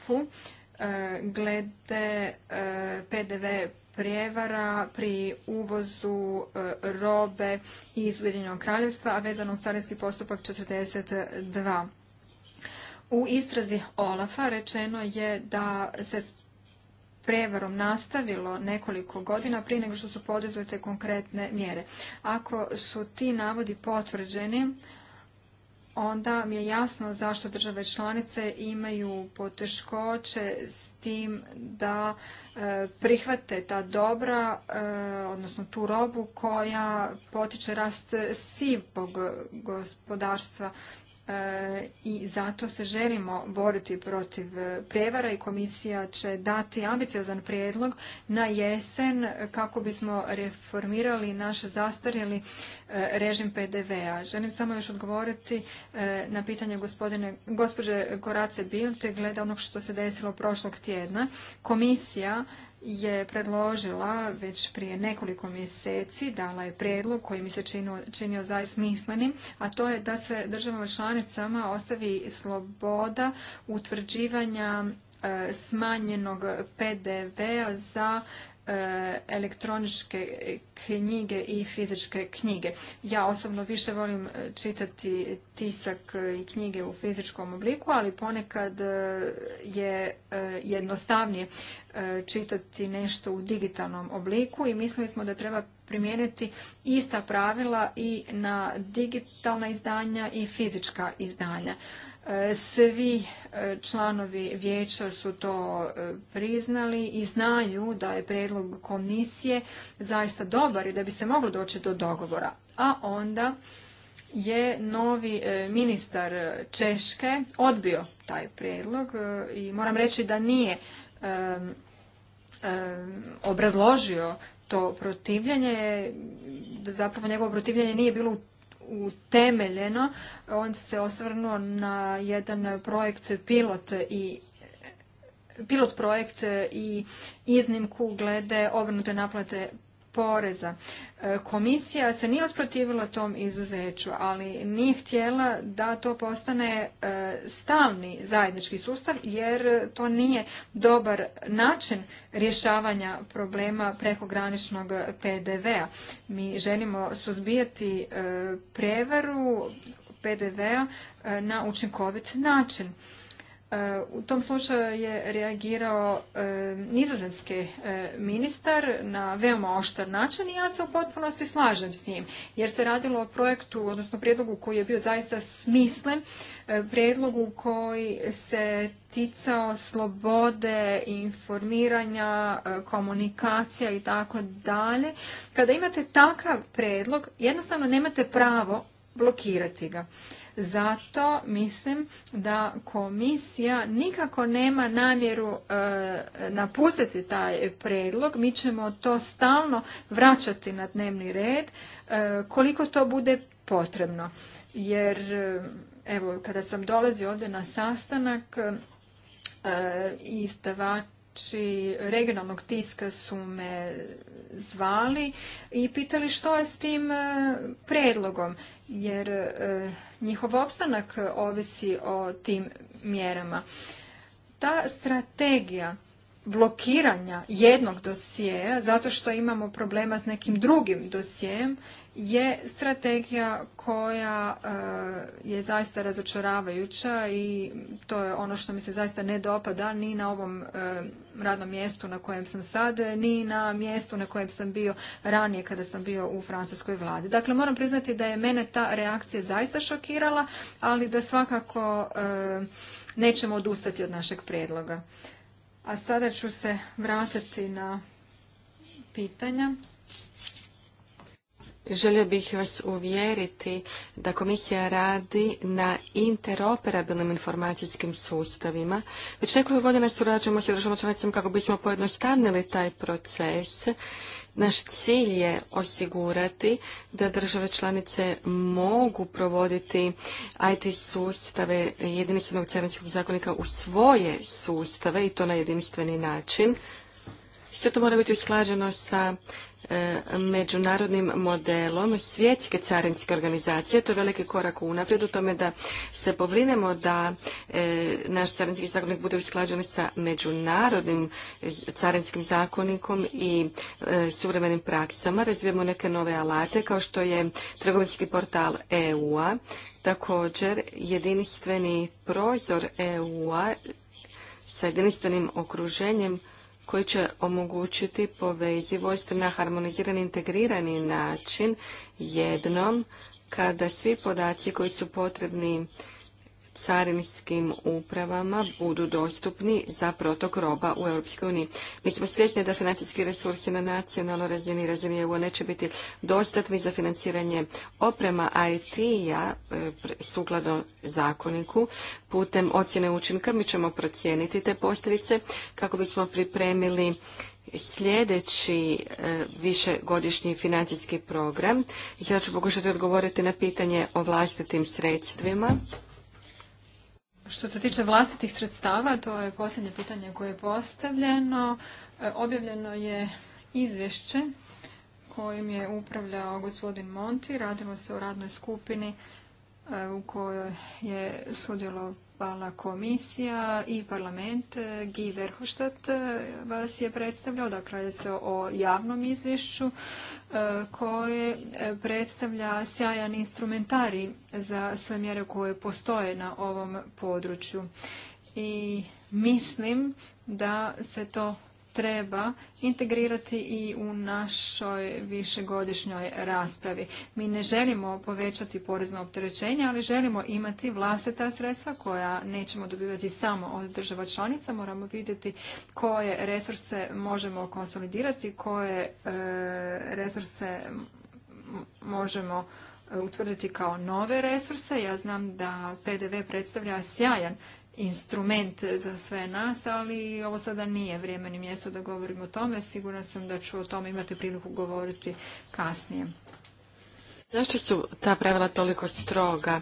E, glede e, PDV prijevara pri uvozu e, robe iz Ujedinjenog kraljevstva, a vezano u carinski postupak 42. U istrazi Olafa rečeno je da se s prevarom nastavilo nekoliko godina prije nego što su poduzete konkretne mjere. Ako su ti navodi potvrđeni, onda mi je jasno zašto države članice imaju poteškoće s tim da e, prihvate ta dobra, e, odnosno tu robu koja potiče rast sivog gospodarstva e, i zato se želimo boriti protiv prevara i komisija će dati ambiciozan prijedlog na jesen kako bismo reformirali naše zastarjeli E, režim PDV-a. Želim samo još odgovoriti e, na pitanje gospodine, gospođe Korace Bilte glede onog što se desilo prošlog tjedna. Komisija je predložila već prije nekoliko mjeseci, dala je prijedlog koji mi se činio, činio smislenim, a to je da se državama članicama ostavi sloboda utvrđivanja e, smanjenog PDV-a za E, elektroničke knjige i fizičke knjige. Ja osobno više volim e, čitati tisak i knjige u fizičkom obliku, ali ponekad e, je jednostavnije čitati nešto u digitalnom obliku i mislili smo da treba primijeniti ista pravila i na digitalna izdanja i fizička izdanja. E, svi e, članovi vijeća su to e, priznali i znaju da je predlog komisije zaista dobar i da bi se moglo doći do dogovora. A onda je novi ministar Češke odbio taj predlog i moram reći da nije obrazložio to protivljenje, zapravo njegovo protivljenje nije bilo utemeljeno. On se osvrnuo na jedan projekt pilot i pilot projekt i iznimku glede obrnute naplate poreza. E, komisija se nije usprotivila tom izuzeću, ali nije htjela da to postane e, stalni zajednički sustav, jer to nije dobar način rješavanja problema prekograničnog PDV-a. Mi želimo suzbijati e, prevaru PDV-a na učinkovit način. E, u tom slučaju je reagirao e, nizozemski e, ministar na veoma oštar način i ja se u potpunosti slažem s njim, jer se radilo o projektu, odnosno prijedlogu koji je bio zaista smislen, prijedlogu koji se ticao slobode, informiranja, komunikacija i tako dalje. Kada imate takav prijedlog, jednostavno nemate pravo blokirati ga. Zato mislim da komisija nikako nema namjeru e, napustiti taj predlog. Mi ćemo to stalno vraćati na dnevni red e, koliko to bude potrebno. Jer e, evo kada sam dolazio ovdje na sastanak istavači regionalnog tiska su me zvali i pitali što je s tim predlogom jer e, njihov opstanak ovisi o tim mjerama. Ta strategija blokiranja jednog dosjeja zato što imamo problema s nekim drugim dosjejem je strategija koja eh, je zaista razočaravajuća i to je ono što mi se zaista ne dopada ni na ovom eh, radnom mjestu na kojem sam sad, ni na mjestu na kojem sam bio ranije kada sam bio u francuskoj vladi. Dakle, moram priznati da je mene ta reakcija zaista šokirala, ali da svakako eh, nećemo odustati od našeg prijedloga. A sada ću se vratiti na pitanja
Želio bih vas uvjeriti da komisija radi na interoperabilnim informacijskim sustavima. Već nekoliko godina surađujemo sa državom članicom kako bismo pojednostavnili taj proces. Naš cilj je osigurati da države članice mogu provoditi IT sustave jedinstvenog carinskog zakonika u svoje sustave i to na jedinstveni način. Sve to mora biti usklađeno sa e, međunarodnim modelom svjetske carinske organizacije. To je veliki korak unaprijed u tome da se povrinemo da e, naš carinski zakonik bude usklađen sa međunarodnim carinskim zakonikom i e, suvremenim praksama. Razvijemo neke nove alate kao što je trgovinski portal EU-a, također jedinstveni prozor EU-a sa jedinstvenim okruženjem koji će omogućiti povezivost na harmonizirani, integrirani način jednom kada svi podaci koji su potrebni carinskim upravama budu dostupni za protok roba u EU. Mi smo svjesni da financijski resursi na nacionalnoj razini i razini EU neće biti dostatni za financiranje oprema IT-a e, sukladno zakoniku. Putem ocjene učinka mi ćemo procijeniti te posljedice kako bismo pripremili sljedeći e, višegodišnji financijski program. I sada ću pokušati odgovoriti na pitanje o vlastitim sredstvima.
Što se tiče vlastitih sredstava, to je posljednje pitanje koje je postavljeno. E, objavljeno je izvješće kojim je upravljao gospodin Monti. Radilo se o radnoj skupini e, u kojoj je sudjelo Hvala komisija i parlament. Guy Verhoštat vas je predstavljao, dakle se o javnom izvješću e, koje predstavlja sjajan instrumentari za sve mjere koje postoje na ovom području. I mislim da se to treba integrirati i u našoj višegodišnjoj raspravi. Mi ne želimo povećati porezno opterećenje, ali želimo imati vlastita sredstva koja nećemo dobivati samo od država članica. Moramo vidjeti koje resurse možemo konsolidirati, koje e, resurse možemo utvrditi kao nove resurse. Ja znam da PDV predstavlja sjajan instrument za sve nas, ali ovo sada nije vrijeme ni mjesto da govorim o tome. Sigurna sam da ću o tome imati priliku govoriti
kasnije. Zašto su ta pravila toliko stroga?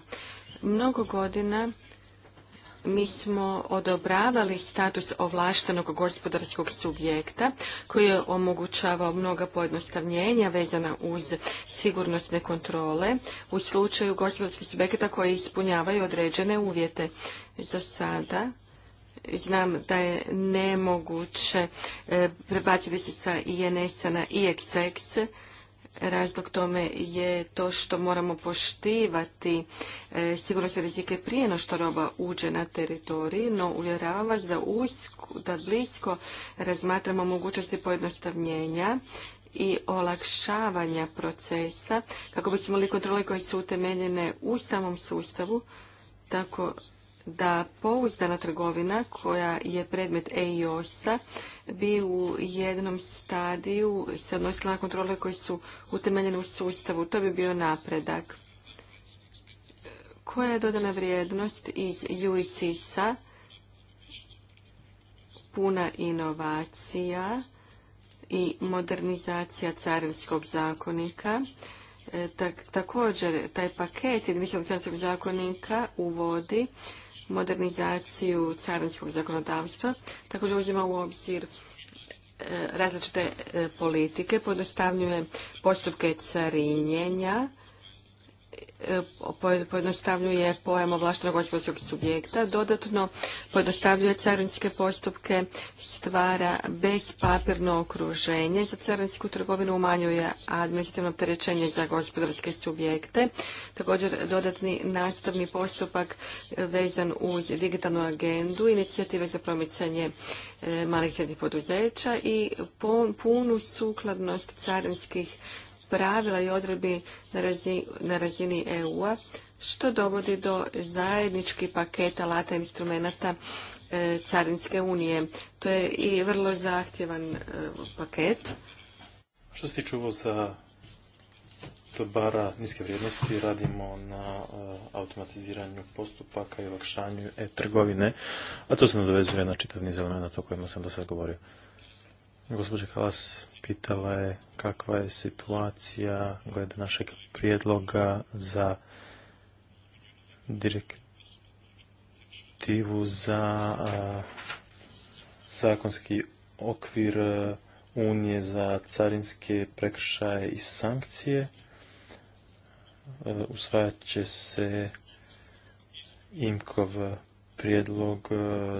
Mnogo godina mi smo odobravali status ovlaštenog gospodarskog subjekta koji je omogućavao mnoga pojednostavnjenja vezana uz sigurnosne kontrole u slučaju gospodarskih subjekata koji ispunjavaju određene uvjete. Za sada. Znam da je nemoguće e, prebaciti se sa INS-a na IXX. Razlog tome je to što moramo poštivati e, sigurnosne rizike prije no što roba uđe na teritorij, no uvjeravam vas da, da blisko razmatramo mogućnosti pojednostavnjenja i olakšavanja procesa kako bismo li kontrole koje su utemeljene u samom sustavu tako da pouzdana trgovina koja je predmet EIOS-a bi u jednom stadiju se odnosila na kontrole koje su utemeljene u sustavu. To bi bio napredak. Koja je dodana vrijednost iz uicis e Puna inovacija i modernizacija carinskog zakonika. E, također, taj paket jedinstvenog carinskog zakonika uvodi modernizaciju carinskog zakonodavstva. Također uzima u obzir e, različite e, politike, podostavljuje postupke carinjenja, E, pojednostavljuje pojam ovlaštenog gospodarskog subjekta, dodatno pojednostavljuje carinske postupke, stvara bezpapirno okruženje za carinsku trgovinu, umanjuje administrativno opterećenje za gospodarske subjekte, također dodatni nastavni postupak vezan uz digitalnu agendu, inicijative za promicanje e, malih srednjih poduzeća i punu sukladnost carinskih pravila i odredbi na razini, na razini EU-a, što dovodi do zajednički paketa lata instrumenta e, Carinske unije. To je i vrlo zahtjevan e, paket.
Što se tiče uvoza dobara niske vrijednosti, radimo na e, automatiziranju postupaka i olakšanju e-trgovine, a to se nadovezuje na čitav niz na o kojima sam do sad govorio. Gospodin Kalas pitala je kakva je situacija glede našeg prijedloga za direktivu za zakonski okvir Unije za carinske prekršaje i sankcije. E, usvajat će se Imkov prijedlog e,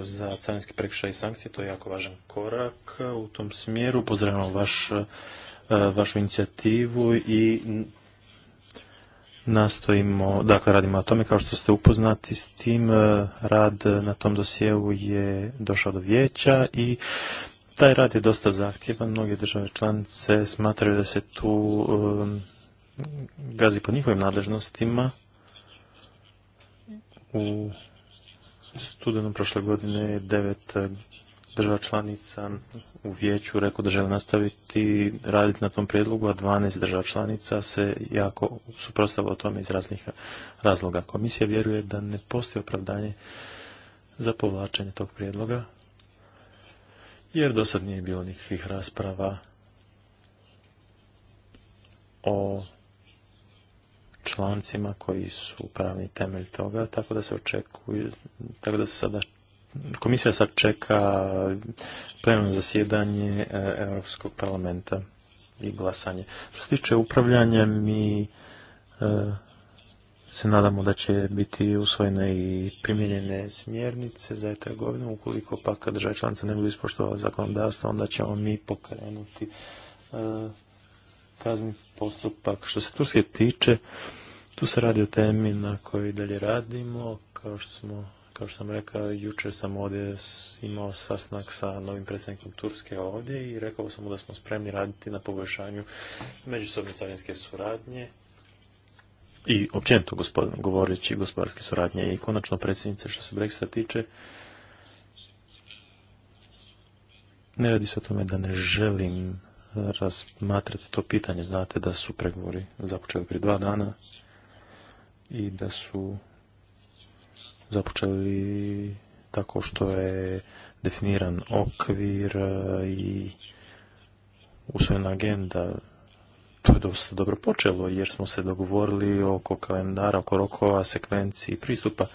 za carinski prekršaj i sankcije, to je jako važan korak u tom smjeru. Pozdravljamo vaš, e, vašu inicijativu i nastojimo, dakle radimo na tome, kao što ste upoznati s tim, e, rad na tom dosjeu je došao do vijeća i taj rad je dosta zahtjevan, mnoge države članice smatraju da se tu gazi po njihovim nadležnostima u studenom prošle godine devet eh, država članica u vijeću rekao da žele nastaviti raditi na tom prijedlogu, a 12 država članica se jako o tome iz raznih razloga. Komisija vjeruje da ne postoji opravdanje za povlačenje tog prijedloga, jer do sad nije bilo nikakvih rasprava o člancima koji su pravni temelj toga, tako da se očekuju, tako da se sada komisija sad čeka plenarno zasjedanje e, Europskog parlamenta i glasanje. Što se tiče upravljanja, mi e, se nadamo da će biti usvojene i primjenjene smjernice za Ukoliko pak države članice ne budu ispoštovali zakonodavstvo, onda ćemo mi pokrenuti e, kazni postupak. Što se Turske tiče, tu se radi o temi na kojoj dalje radimo. Kao što, smo, kao što sam rekao, jučer sam ovdje imao sasnak sa novim predsjednikom Turske ovdje i rekao sam mu da smo spremni raditi na poboljšanju međusobne carinske suradnje i općenito gospodin, govoreći gospodarske suradnje i konačno predsjednice što se Brexita tiče ne radi se o tome da ne želim razmatrati to pitanje. Znate da su pregovori započeli prije dva dana i da su započeli tako što je definiran okvir e, i usvojena agenda. To je dosta dobro počelo jer smo se dogovorili oko kalendara, oko rokova, sekvenciji, pristupa,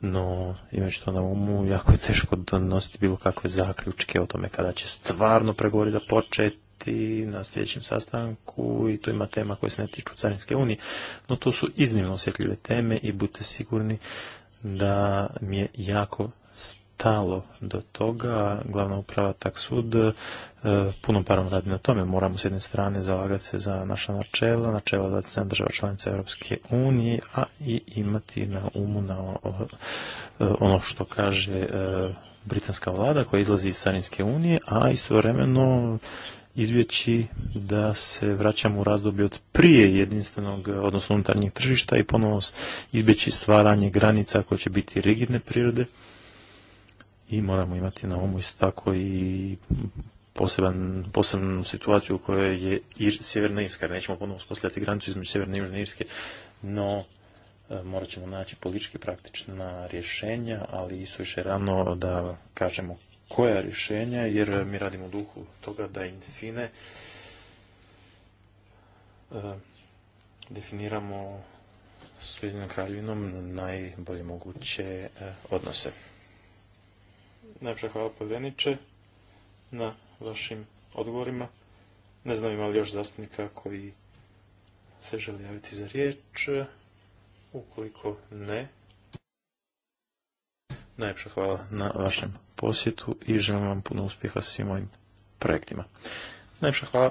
no imajući to na umu, jako je teško donositi bilo kakve zaključke o tome kada će stvarno pregovori započeti, raspraviti na sljedećem sastanku i to ima tema koje se ne tiču Carinske unije, no to su iznimno osjetljive teme i budite sigurni da mi je jako stalo do toga. Glavna uprava tak sud e, punom parom radi na tome. Moramo s jedne strane zalagati se za naša načela, načela se država članica Europske unije, a i imati na umu na ono što kaže e, britanska vlada koja izlazi iz Carinske unije, a istovremeno izbjeći da se vraćamo u razdoblje od prije jedinstvenog, eh, odnosno unutarnjeg tržišta i ponovo izbjeći stvaranje granica koje će biti rigidne prirode i moramo imati na umu isto tako i poseban, posebnu situaciju u kojoj je Ir, Sjeverna Irska, nećemo ponovo uspostavljati granicu između Sjeverne i Južne Irske, no eh, morat ćemo naći politički praktična rješenja, ali i više rano da kažemo koja rješenja, jer mi radimo u duhu toga da infine e, definiramo s Ujedinom kraljevinom najbolje moguće e, odnose. Najprej hvala povjereniče na vašim odgovorima. Ne znam ima li još zastupnika koji se želi javiti za riječ. Ukoliko ne, Najljepša hvala na vašem posjetu i želim vam puno uspjeha svim mojim projektima. Najljepša hvala.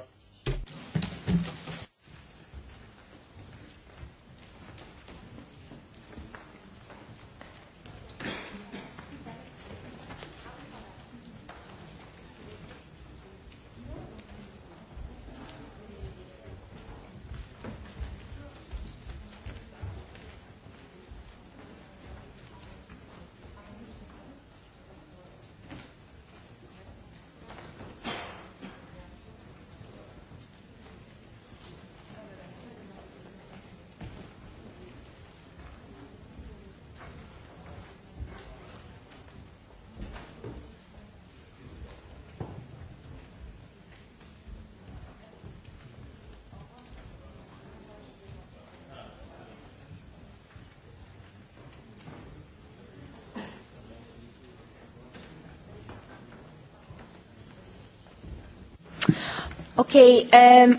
Okay, um,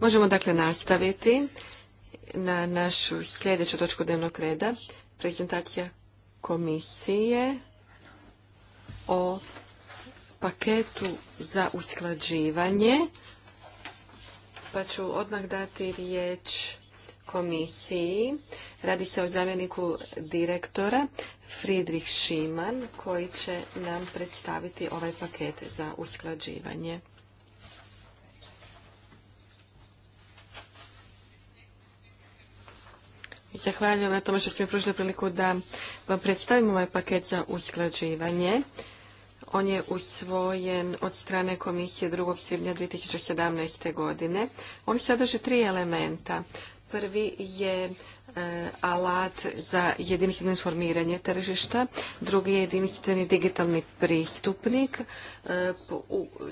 Možemo dakle nastaviti na našu sljedeću točku dnevnog reda, prezentacija komisije o paketu za usklađivanje, pa ću odmah dati riječ komisiji. Radi se o zamjeniku direktora Friedrich Schiman koji će nam predstaviti ovaj paket za usklađivanje. Zahvaljujem na tome što smo mi pružili priliku da vam predstavim ovaj paket za usklađivanje. On je usvojen od strane komisije 2. svibnja 2017. godine. On sadrži tri elementa. Prvi je e, alat za jedinstveno informiranje tržišta, drugi je jedinstveni digitalni pristupnik. E,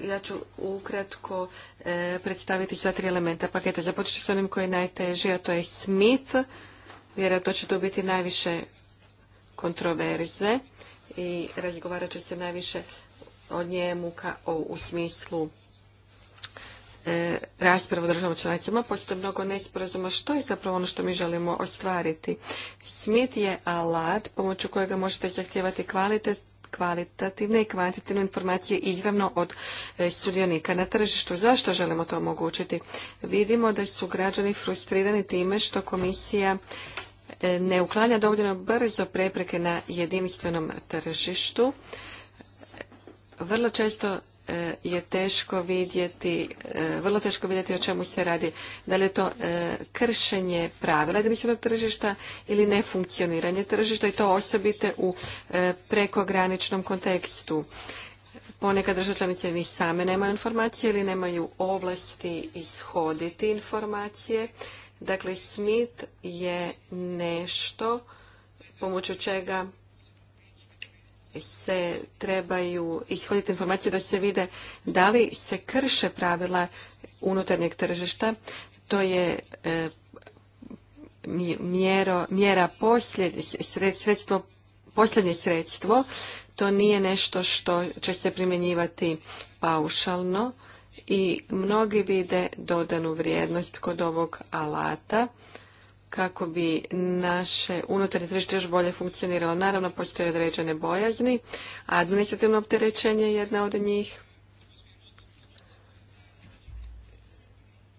ja ću ukratko e, predstaviti sva tri elementa paketa. Započet ću s onim koji je najteži, a to je SMIT, Vjerojatno će tu biti najviše kontroverze i razgovarat će se najviše o njemu ka, o, u smislu e, rasprava o državama članicama. Postoji mnogo nesporazuma što je zapravo ono što mi želimo ostvariti. Smit je alat pomoću kojega možete zahtijevati kvalitet kvalitativne i kvantitativne informacije izravno od e, sudionika na tržištu. Zašto želimo to omogućiti? Vidimo da su građani frustrirani time što komisija E, ne uklanja dovoljno brzo prepreke na jedinstvenom tržištu. Vrlo često e, je teško vidjeti, e, vrlo teško vidjeti o čemu se radi. Da li je to kršenje pravila jedinstvenog tržišta ili nefunkcioniranje tržišta i to osobite u prekograničnom kontekstu. Ponekad države ni same nemaju informacije ili nemaju ovlasti ishoditi informacije Dakle, smit je nešto pomoću čega se trebaju ishoditi informacije da se vide da li se krše pravila unutarnjeg tržišta. To je e, mjera sredstvo, posljednje sredstvo. To nije nešto što će se primjenjivati paušalno i mnogi vide dodanu vrijednost kod ovog alata kako bi naše unutarnje tržište još bolje funkcioniralo. Naravno, postoje određene bojazni, a administrativno opterećenje je jedna od njih.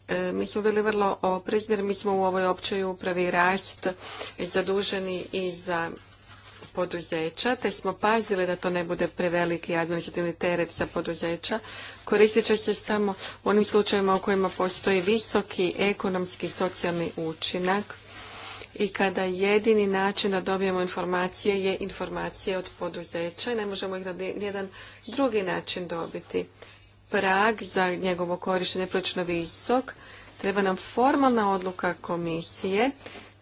E, mi smo bili vrlo oprezni jer mi smo u ovoj općoj upravi rast zaduženi i za poduzeća, te smo pazili da to ne bude preveliki administrativni teret za poduzeća. Koristit će se samo u onim slučajevima u kojima postoji visoki ekonomski i socijalni učinak i kada jedini način da dobijemo informacije je informacije od poduzeća i ne možemo ih na jedan drugi način dobiti. Prag za njegovo korištenje je prilično visok. Treba nam formalna odluka komisije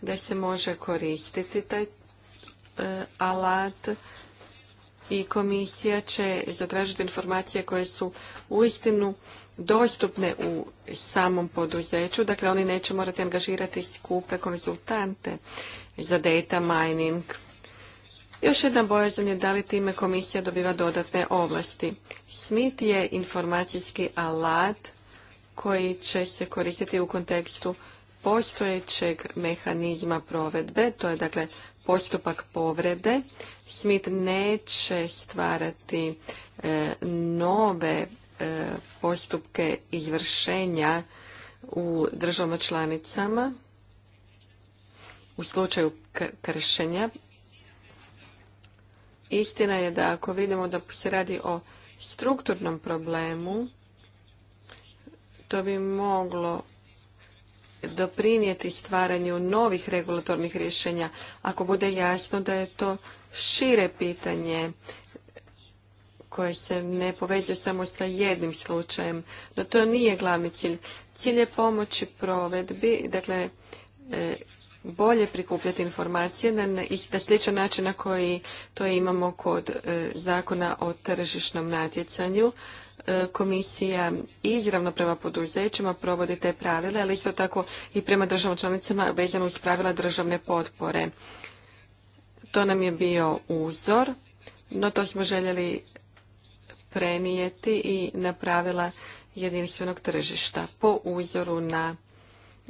da se može koristiti taj E, alat i komisija će zatražiti informacije koje su uistinu dostupne u samom poduzeću. Dakle, oni neće morati angažirati skupe konzultante za data mining. Još jedna bojazan je da li time komisija dobiva dodatne ovlasti. SMIT je informacijski alat koji će se koristiti u kontekstu postojećeg mehanizma provedbe, to je dakle postupak povrede. Smit neće stvarati e, nove e, postupke izvršenja u državama članicama u slučaju kršenja. Istina je da ako vidimo da se radi o strukturnom problemu, to bi moglo doprinijeti stvaranju novih regulatornih rješenja ako bude jasno da je to šire pitanje koje se ne povezuje samo sa jednim slučajem. No to nije glavni cilj. Cilj je pomoći provedbi, dakle e, bolje prikupljati informacije na, na sličan način na koji to imamo kod e, zakona o tržišnom natjecanju. E, komisija izravno prema poduzećima provodi te pravile, ali isto tako i prema državama članicama vezano uz pravila državne potpore. To nam je bio uzor, no to smo željeli prenijeti i na pravila jedinstvenog tržišta po uzoru na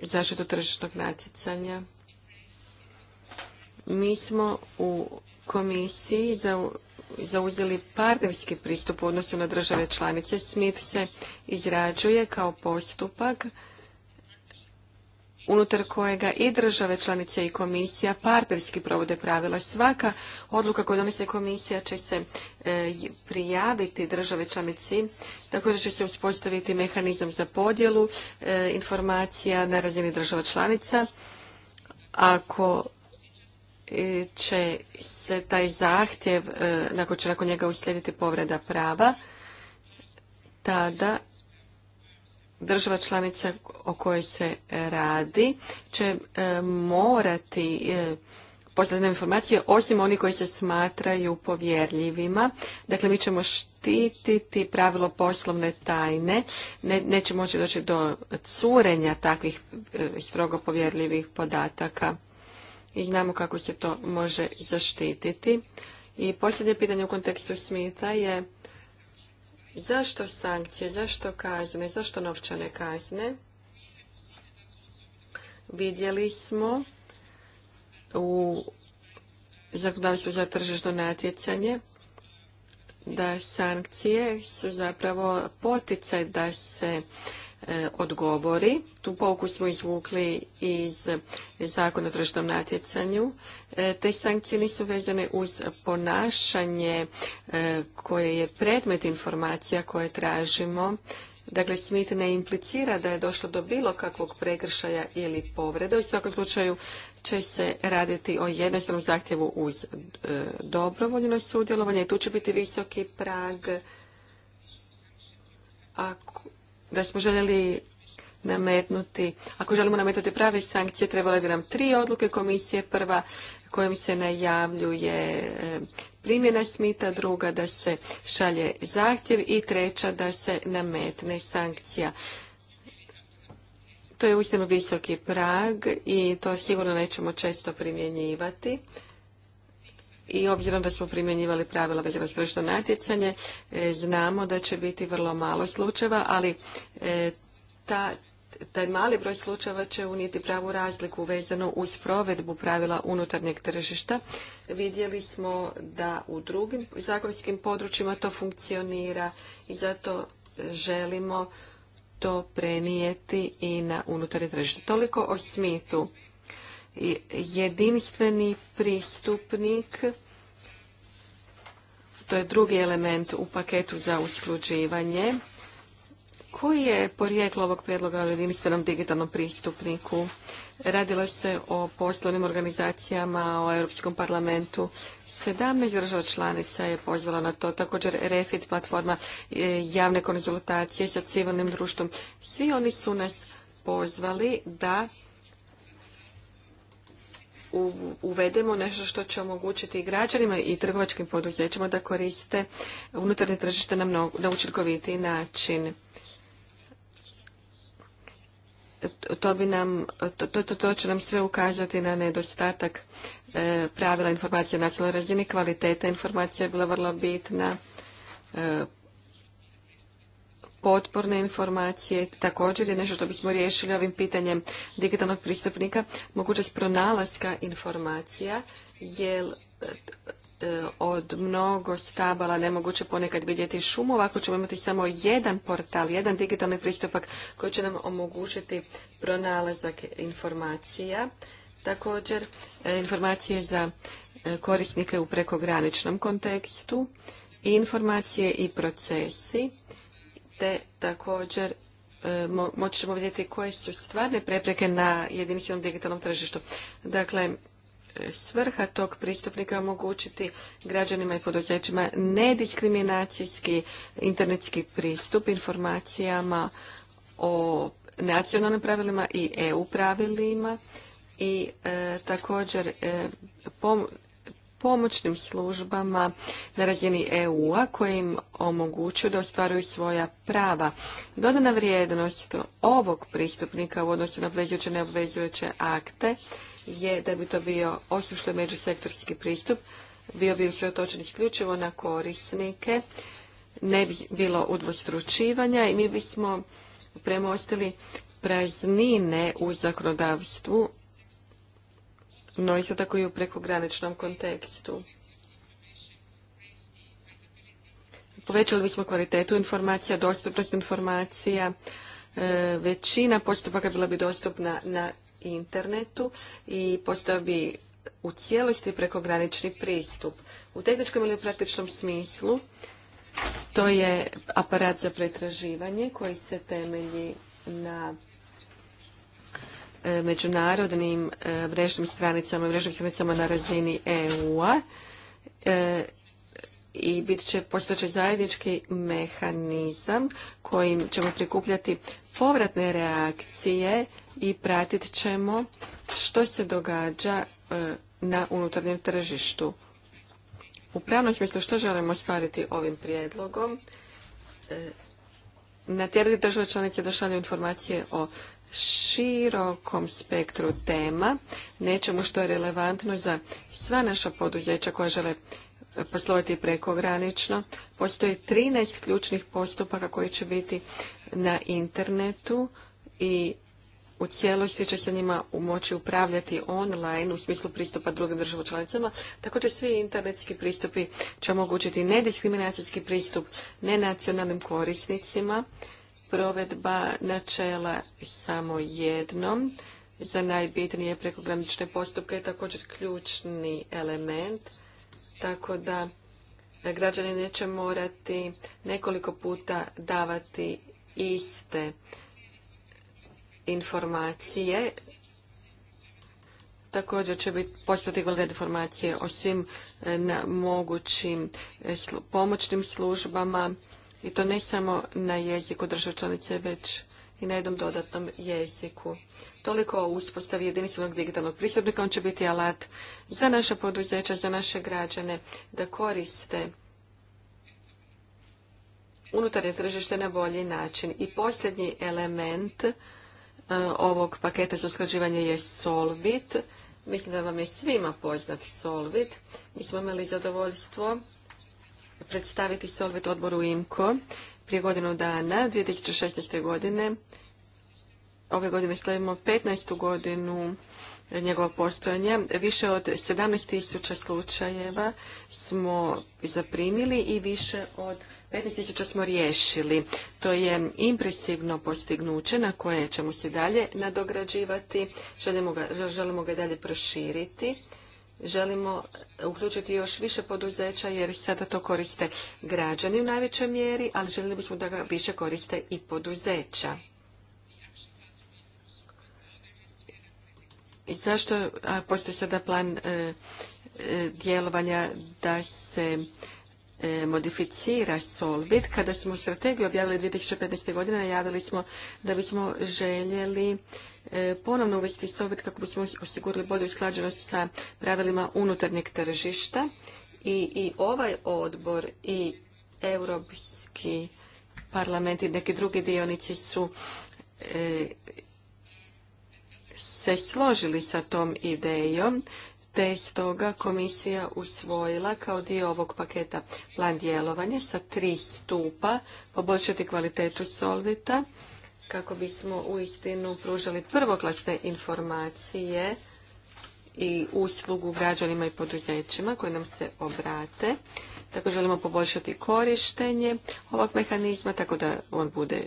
zaštitu tržišnog natjecanja. Mi smo u komisiji za zauzeli partnerski pristup u odnosu na države članice. Smith se izrađuje kao postupak unutar kojega i države članice i komisija partnerski provode pravila. Svaka odluka koju donese komisija će se e, prijaviti države članici, također će se uspostaviti mehanizam za podjelu e, informacija na razini država članica. Ako E, će se taj zahtjev, e, nakon će nakon njega uslijediti povreda prava, tada država članica o kojoj se radi će e, morati posljedne informacije, osim oni koji se smatraju povjerljivima. Dakle, mi ćemo štititi pravilo poslovne tajne, neće moći doći do curenja takvih strogo povjerljivih podataka i znamo kako se to može zaštititi. I posljednje pitanje u kontekstu Smita je zašto sankcije, zašto kazne, zašto novčane kazne? Vidjeli smo u zakonodavstvu za tržišno natjecanje da sankcije su zapravo poticaj da se E, odgovori. Tu pouku smo izvukli iz zakona o tržišnom natjecanju. E, te sankcije nisu vezane uz ponašanje e, koje je predmet informacija koje tražimo. Dakle, Smith ne implicira da je došlo do bilo kakvog prekršaja ili povreda. U svakom slučaju će se raditi o jednostavnom zahtjevu uz dobrovoljno sudjelovanje. Tu će biti visoki prag ako da smo željeli nametnuti, ako želimo nametnuti prave sankcije, trebale bi nam tri odluke komisije. Prva kojom se najavljuje e, primjena smita, druga da se šalje zahtjev i treća da se nametne sankcija. To je uistinu visoki prag i to sigurno nećemo često primjenjivati i obzirom da smo primjenjivali pravila vezano tržišno natjecanje, e, znamo da će biti vrlo malo slučajeva, ali e, ta, taj mali broj slučajeva će unijeti pravu razliku vezano uz provedbu pravila unutarnjeg tržišta. Vidjeli smo da u drugim zakonskim područjima to funkcionira i zato želimo to prenijeti i na unutarnje tržište. Toliko o smitu jedinstveni pristupnik. To je drugi element u paketu za usluđivanje. Koji je porijeklo ovog prijedloga o jedinstvenom digitalnom pristupniku? Radilo se o poslovnim organizacijama, o Europskom parlamentu. 17 država članica je pozvala na to. Također REFIT platforma, e, javne konzultacije sa civilnim društvom. Svi oni su nas pozvali da uvedemo nešto što će omogućiti i građanima i trgovačkim poduzećima da koriste unutarnje tržište na, učinkovitiji način. To, bi nam, to, će nam sve ukazati na nedostatak e, pravila informacije na cijeloj razini. Kvaliteta informacija je bila vrlo bitna. E, potporne informacije također je nešto što bismo riješili ovim pitanjem digitalnog pristupnika, mogućnost pronalaska informacija, jer e, od mnogo stabala nemoguće ponekad vidjeti šumu. Ovako ćemo imati samo jedan portal, jedan digitalni pristupak koji će nam omogućiti pronalazak informacija. Također, e, informacije za e, korisnike u prekograničnom kontekstu, informacije i procesi te također e, moći ćemo vidjeti koje su stvarne prepreke na jedinstvenom digitalnom tržištu. Dakle, e, svrha tog pristupnika je omogućiti građanima i poduzećima nediskriminacijski internetski pristup informacijama o nacionalnim pravilima i EU pravilima i e, također pomoćnim službama na razini EU-a koje im omogućuju da ostvaruju svoja prava. Dodana vrijednost ovog pristupnika u odnosu na obvezujuće i neobvezujuće akte je da bi to bio, osim što je međusektorski pristup, bio bi usredotočen isključivo na korisnike, ne bi bilo udvostručivanja i mi bismo premostili praznine u zakonodavstvu no isto tako i u prekograničnom kontekstu. Povećali bismo kvalitetu informacija, dostupnost informacija. E, većina postupaka bila bi dostupna na internetu i postao bi u cijelosti prekogranični pristup. U tehničkom ili praktičnom smislu to je aparat za pretraživanje koji se temelji na E, međunarodnim e, mrežnim stranicama i mrežnim stranicama na razini EU-a e, i bit će postojeći zajednički mehanizam kojim ćemo prikupljati povratne reakcije i pratit ćemo što se događa na unutarnjem tržištu. U pravnom smislu što želimo ostvariti ovim prijedlogom? Natjerati države članice da šalju informacije o širokom spektru tema, nečemu što je relevantno za sva naša poduzeća koja žele poslovati prekogranično. Postoji 13 ključnih postupaka koji će biti na internetu i u cijelosti će se njima moći upravljati online u smislu pristupa drugim državama članicama. Također svi internetski pristupi će omogućiti nediskriminacijski pristup nenacionalnim korisnicima provedba načela samo jednom za najbitnije prekogranične postupke je također ključni element, tako da građani neće morati nekoliko puta davati iste informacije. Također će biti postati kvalitet informacije o svim e, mogućim e, pomoćnim službama i to ne samo na jeziku države članice, već i na jednom dodatnom jeziku. Toliko o uspostavi jedinstvenog digitalnog prihodnika, on će biti alat za naše poduzeća, za naše građane, da koriste unutarnje tržište na bolji način. I posljednji element e, ovog paketa za usklađivanje je Solvit. Mislim da vam je svima poznat Solvit. Mi smo imali zadovoljstvo predstaviti Solvit odboru IMCO prije godinu dana, 2016. godine. Ove godine slavimo 15. godinu njegovog postojanja. Više od 17.000 slučajeva smo zaprimili i više od 15.000 smo riješili. To je impresivno postignuće na koje ćemo se dalje nadograđivati. Želimo ga, želimo ga dalje proširiti želimo uključiti još više poduzeća jer sada to koriste građani u najvećoj mjeri, ali željeli bismo da ga više koriste i poduzeća. I zašto postoji sada plan e, e, djelovanja da se E, modificira Solbit. Kada smo strategiju objavili 2015. godine, najavili smo da bismo željeli e, ponovno uvesti Solbit kako bismo osigurali bolju usklađenost sa pravilima unutarnjeg tržišta. I, ovaj odbor i Europski parlament i neki drugi dionici su e, se složili sa tom idejom te je stoga komisija usvojila kao dio ovog paketa plan djelovanja sa tri stupa, poboljšati kvalitetu solvita kako bismo uistinu pružali prvoklasne informacije i uslugu građanima i poduzećima koji nam se obrate. Tako želimo poboljšati korištenje ovog mehanizma, tako da on bude,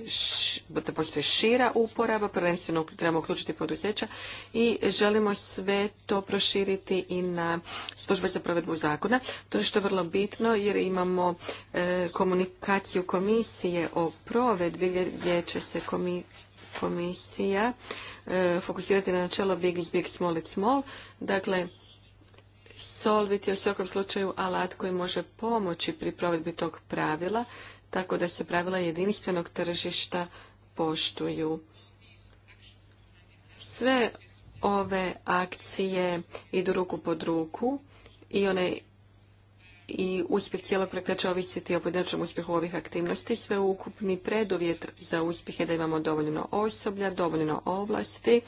da postoji šira uporaba, prvenstveno trebamo uključiti poduzeća i želimo sve to proširiti i na službe za provedbu zakona. To je što je vrlo bitno jer imamo e, komunikaciju komisije o provedbi gdje će se komisija e, fokusirati na načelo big is big, small is small. Dakle, Solvit je u svakom slučaju alat koji može pomoći pri provedbi tog pravila, tako da se pravila jedinstvenog tržišta poštuju. Sve ove akcije idu ruku pod ruku i one i uspjeh cijelog projekta će ovisiti o pojedinačnom uspjehu ovih aktivnosti. Sve ukupni preduvjet za uspjeh je da imamo dovoljno osoblja, dovoljno ovlasti.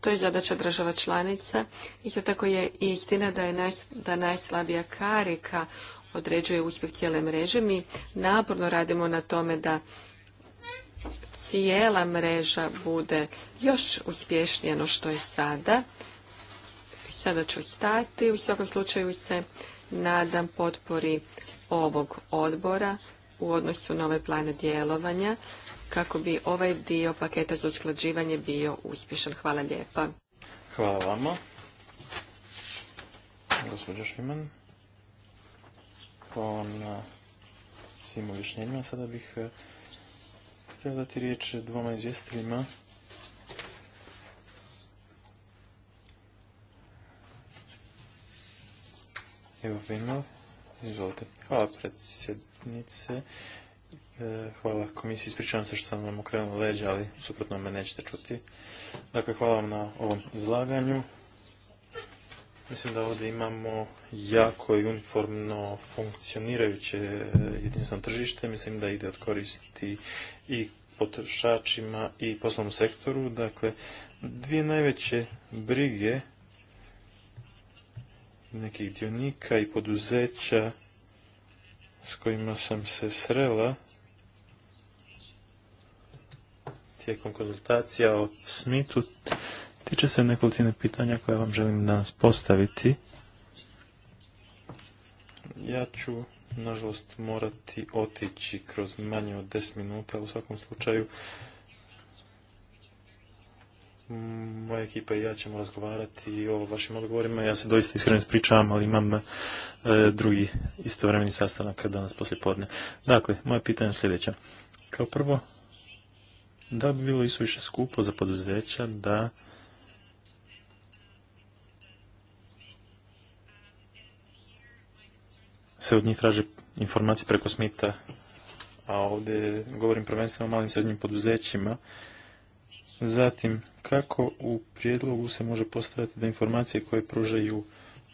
To je zadaća država članica. Isto tako je istina da da najslabija karika određuje uspjeh cijele mreže. Mi naporno radimo na tome da cijela mreža bude još uspješnija no što je sada. Sada ću stati. U svakom slučaju se nadam potpori ovog odbora u odnosu na ove ovaj plane djelovanja kako bi ovaj dio paketa za usklađivanje bio uspješan. Hvala lijepa.
Hvala vama. Gospodin Šiman. svim objašnjenjima. Sada bih htio eh, dati riječ dvoma izvjestiteljima Evo izvolite. Hvala predsjednice. E, hvala komisiji, ispričavam se što sam vam okrenuo leđa, ali suprotno me nećete čuti. Dakle, hvala vam na ovom izlaganju. Mislim da ovdje imamo jako i uniformno funkcionirajuće jedinstveno tržište. Mislim da ide od koristi i potrošačima i poslovnom sektoru. Dakle, dvije najveće brige nekih dionika i poduzeća s kojima sam se srela tijekom konzultacija o Smitu tiče se nekolicine pitanja koja vam želim danas postaviti. Ja ću, nažalost, morati otići kroz manje od 10 minuta, u svakom slučaju moja ekipa i ja ćemo razgovarati o vašim odgovorima. Ja se doista iskreno ispričavam, ali imam e, drugi istovremeni sastanak danas poslije podne. Dakle, moja pitanje je Kao prvo, da bi bilo isuviše skupo za poduzeća da se od njih traže informacije preko smita, a ovdje govorim prvenstveno o malim srednjim poduzećima. Zatim, kako u prijedlogu se može postaviti da informacije koje pružaju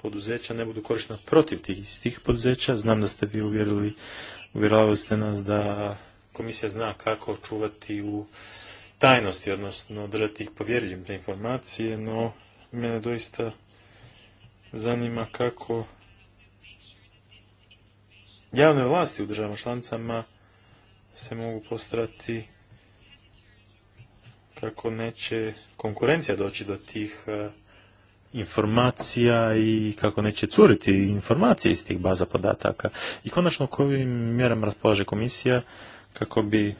poduzeća ne budu korištene protiv tih istih poduzeća. Znam da ste vi uvjerili, uvjeravali ste nas da komisija zna kako čuvati u tajnosti, odnosno držati ih povjerljivim te informacije, no mene doista zanima kako javne vlasti u državama članicama se mogu postarati kako neće konkurencija doći do tih e, informacija i kako neće curiti informacije iz tih baza podataka. I konačno kojim mjerama raspolaže komisija kako bi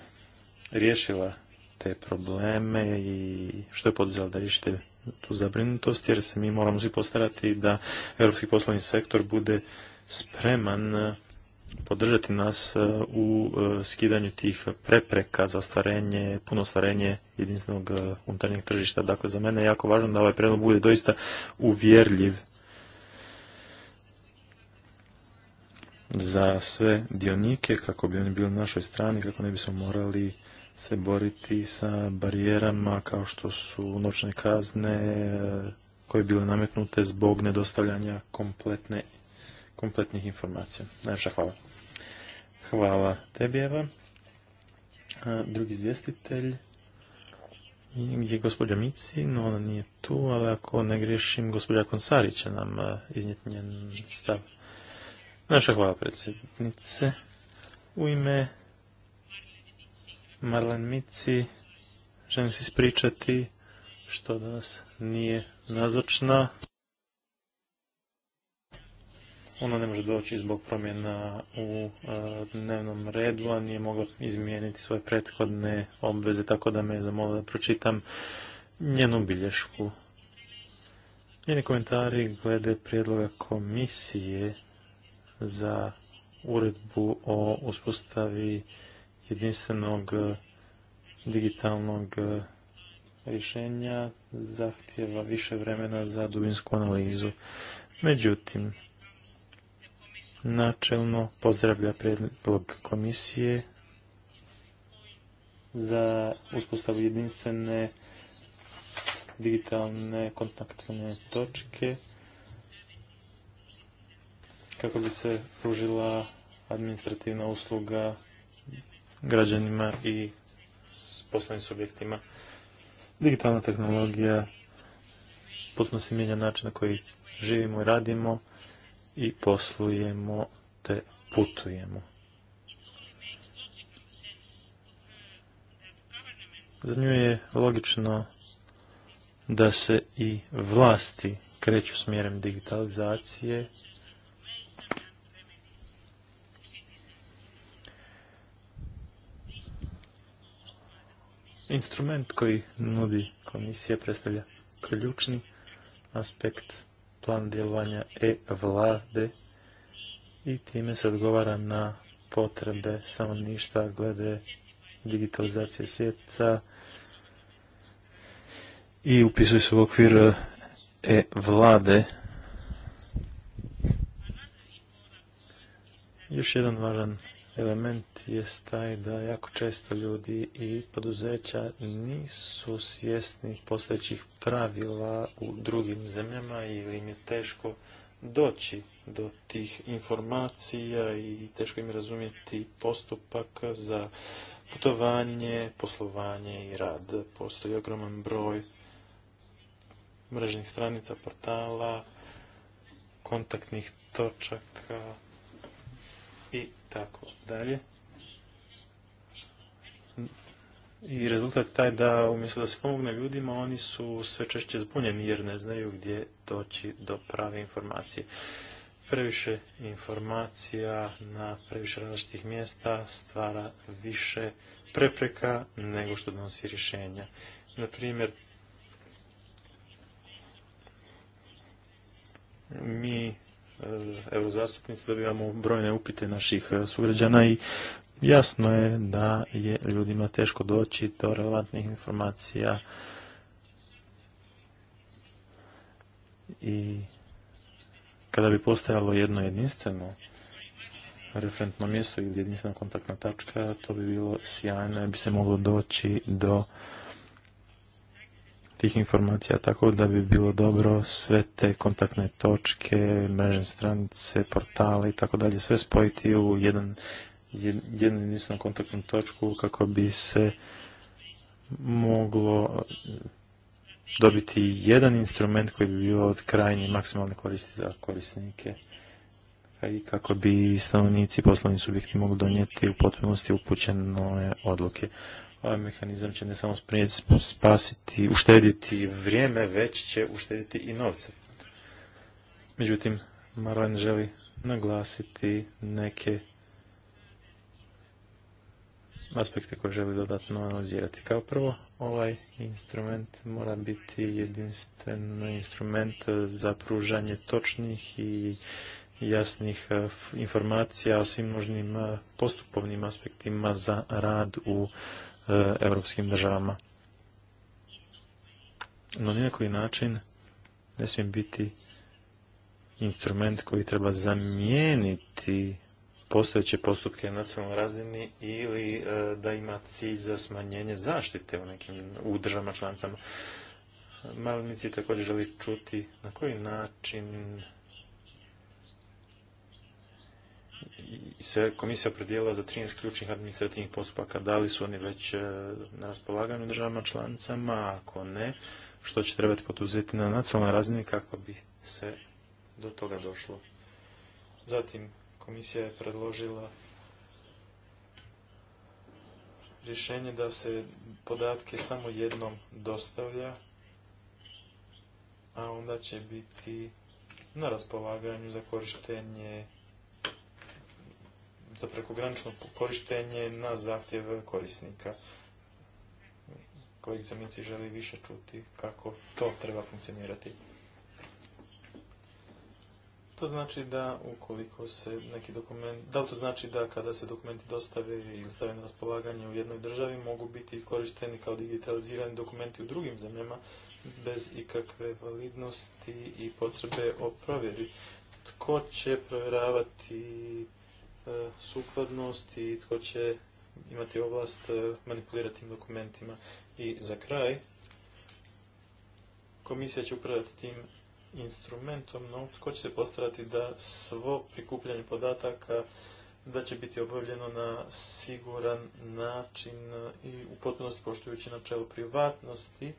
riješila te probleme i što je poduzela da riješite tu zabrinutost jer se mi moramo svi postarati da europski poslovni sektor bude spreman podržati nas e, u e, skidanju tih prepreka za ostvarenje, puno ostvarenje jedinstvenog e, unutarnjeg tržišta. Dakle, za mene je jako važno da ovaj predlog bude doista uvjerljiv za sve dionike kako bi oni bili na našoj strani, kako ne bismo morali se boriti sa barijerama kao što su noćne kazne koje bile nametnute zbog nedostavljanja kompletne, kompletnih informacija. Najviše hvala. Hvala tebi, Eva. drugi izvjestitelj je gospođa Mici, no ona nije tu, ali ako ne griješim, gospođa Konsari će nam iznijeti stav. Naša hvala predsjednice. U ime Marlen Mici želim se ispričati što danas nije nazočna. Ona ne može doći zbog promjena u e, dnevnom redu, a nije mogla izmijeniti svoje prethodne obveze, tako da me je da pročitam njenu bilješku. Njeni komentari glede prijedloga komisije za uredbu o uspostavi jedinstvenog digitalnog rješenja zahtjeva više vremena za dubinsku analizu. Međutim, načelno pozdravlja predlog komisije za uspostavu jedinstvene digitalne kontaktne točke kako bi se pružila administrativna usluga građanima i poslovnim subjektima. Digitalna tehnologija potpuno se mijenja način na koji živimo i radimo i poslujemo te putujemo. Za nju je logično da se i vlasti kreću smjerem digitalizacije. Instrument koji nudi komisija predstavlja ključni aspekt plan djelovanja e-vlade i time se odgovara na potrebe stanovništva glede digitalizacije svijeta i upisuje se u okvir e-vlade. E Još jedan važan element je taj da jako često ljudi i poduzeća nisu svjesni postojećih pravila u drugim zemljama ili im je teško doći do tih informacija i teško im razumjeti postupak za putovanje, poslovanje i rad. Postoji ogroman broj mrežnih stranica, portala, kontaktnih točaka tako dalje. I rezultat je taj da umjesto da se pomogne ljudima, oni su sve češće zbunjeni jer ne znaju gdje doći do prave informacije. Previše informacija na previše različitih mjesta stvara više prepreka nego što donosi rješenja. Na primjer, mi eurozastupnici dobivamo brojne upite naših e, sugrađana i jasno je da je ljudima teško doći do relevantnih informacija i kada bi postojalo jedno jedinstveno referentno mjesto ili jedinstvena kontaktna tačka, to bi bilo sjajno bi se moglo doći do tih informacija, tako da bi bilo dobro sve te kontaktne točke, mrežne stranice, portale i tako dalje, sve spojiti u jedan, jednu jedinstvenu kontaktnu točku kako bi se moglo dobiti jedan instrument koji bi bio od krajnje maksimalne koristi za korisnike i kako bi stanovnici i poslovni subjekti mogli donijeti u potpunosti upućene odluke. Ovaj mehanizam će ne samo spasiti, uštediti vrijeme, već će uštediti i novce. Međutim, Marlen želi naglasiti neke aspekte koje želi dodatno analizirati. Kao prvo, ovaj instrument mora biti jedinstven instrument za pružanje točnih i jasnih eh, informacija o svim možnim eh, postupovnim aspektima za rad u E, europskim državama. No nijekoji način ne smije biti instrument koji treba zamijeniti postojeće postupke na nacionalnoj razini ili e, da ima cilj za smanjenje zaštite u nekim u državama članicama. Malo također želi čuti na koji način se komisija predijela za 13 ključnih administrativnih postupaka. Da li su oni već e, na raspolaganju državama članicama? Ako ne, što će trebati poduzeti na nacionalnoj razini kako bi se do toga došlo? Zatim, komisija je predložila rješenje da se podatke samo jednom dostavlja, a onda će biti na raspolaganju za korištenje za prekogranično korištenje na zahtjev korisnika. Kolegica zamici želi više čuti kako to treba funkcionirati. To znači da ukoliko se neki dokument, da li to znači da kada se dokumenti dostave i stave na raspolaganje u jednoj državi mogu biti korišteni kao digitalizirani dokumenti u drugim zemljama bez ikakve validnosti i potrebe o provjeri. Tko će provjeravati E, sukladnost i tko će imati ovlast e, manipulirati tim dokumentima. I za kraj, komisija će upravljati tim instrumentom, no tko će se postarati da svo prikupljanje podataka da će biti obavljeno na siguran način i u potpunosti poštujući načelo privatnosti